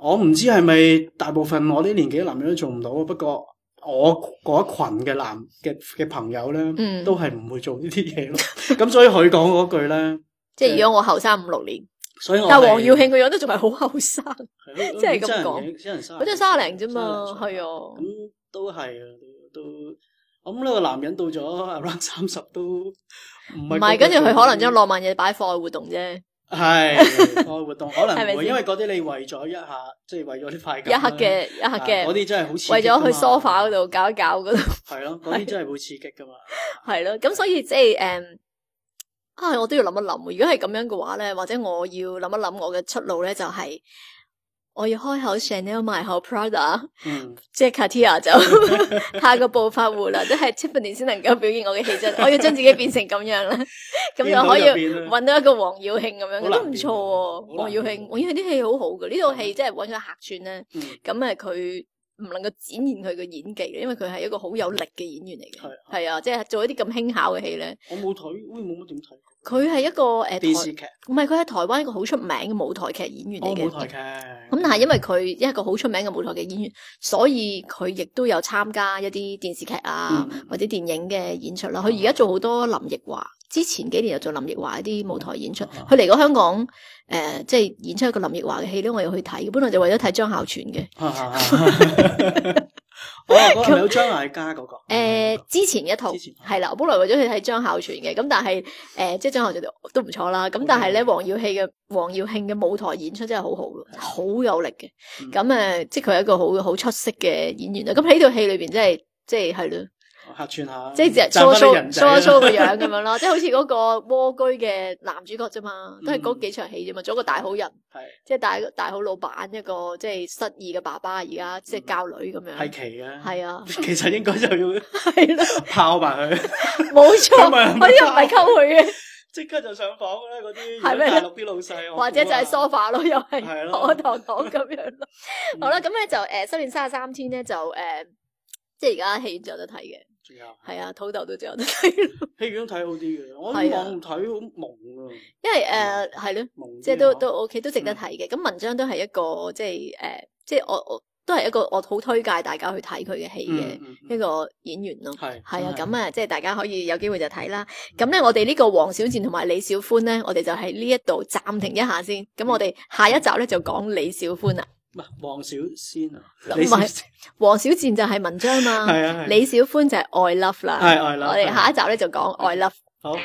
我唔知係咪大部分我啲年紀嘅男人都做唔到，不過我嗰一群嘅男嘅嘅朋友咧，都係唔會做呢啲嘢咯。咁所以佢講嗰句咧，即係如果我後生五六年，所以我但係王耀慶個樣都仲係好後生，即係咁講，佢都卅零啫嘛，係啊，咁都係啊，都咁呢個男人到咗 around 三十都。唔係，跟住佢可能將浪漫嘢擺課外活動啫，係課外活動可能，係咪？ 是是因為嗰啲你為咗一下，即係為咗啲快感一刻嘅一刻嘅，嗰啲、啊、真係好刺激。為咗去梳化嗰度搞一搞嗰度，係咯， 嗰啲真係好刺激噶嘛。係咯， 咁所以即係誒，啊、um, 哎，我都要諗一諗。如果係咁樣嘅話咧，或者我要諗一諗我嘅出路咧，就係、是。我要開口, el, 口 rada, Chanel 埋口 Prada，即係 Cartier 就下個暴發戶啦，都、就、係、是、Tiffany 先能夠表現我嘅氣質。我要將自己變成咁樣咧，咁 又可以搵到一個王耀慶咁樣，都唔錯、哦。王耀慶，我因為啲戲好好嘅，呢套戲真係搵咗客串咧。咁啊、嗯，佢唔能夠展現佢嘅演技，因為佢係一個好有力嘅演員嚟嘅。係、嗯、啊，即係、啊就是、做一啲咁輕巧嘅戲咧。我冇睇，我冇冇點睇。佢係一個誒，呃、電視劇，唔係，佢喺台灣一個好出名嘅舞台劇演員嚟嘅，哦。舞台劇咁，嗯、但係因為佢一個好出名嘅舞台劇演員，所以佢亦都有參加一啲電視劇啊，嗯、或者電影嘅演出啦。佢而家做好多林奕華，之前幾年又做林奕華一啲舞台演出。佢嚟，嗯嗯嗯、過香港，誒、呃，即、就、係、是、演出一個林奕華嘅戲咧，我又去睇。本來就為咗睇張孝全嘅。我有張艾嘉嗰個，誒、 哦呃，之前一套係啦，我本來為咗佢睇張孝全嘅，咁但係誒、呃，即係張孝全都唔錯啦，咁但係咧，王耀希嘅王耀慶嘅舞台演出真係好好好的有力嘅，咁誒、嗯，即係佢係一個好好出色嘅演員啦，咁喺呢套戲裏邊真係即係係咯。客串下，即係就 s 粗粗，粗粗 o so 個樣咁樣咯，即係好似嗰個蝸居嘅男主角啫嘛，都係嗰幾場戲啫嘛，做一個大好人，係即係大大好老闆一個，即係失意嘅爸爸而家即係教女咁樣，係奇啊，係啊，其實應該就要係啦，拋埋佢，冇錯，我啲又唔係溝佢嘅，即刻就上房啦，嗰啲係咩？大陸啲老細，或者就係 sofa 咯，又係坐坐咁樣咯。好啦，咁咧就誒，失戀卅三天咧就誒，即係而家戲院就有得睇嘅。係啊，土豆都仲有都睇咯。戲院睇好啲嘅，我喺網睇好蒙啊。因為誒係咯，即係都都 OK，都值得睇嘅。咁文章都係一個即係誒，即係我我都係一個我好推介大家去睇佢嘅戲嘅一個演員咯。係係啊，咁啊，即係大家可以有機會就睇啦。咁咧，我哋呢個王小賤同埋李小寬咧，我哋就喺呢一度暫停一下先。咁我哋下一集咧就講李小寬啊。黃小仙啊，唔係 王小賤就係文章嘛，係啊，啊、李小歡就係愛 love 啦，係愛 love 我哋下一集咧就講愛 love。是啊、好。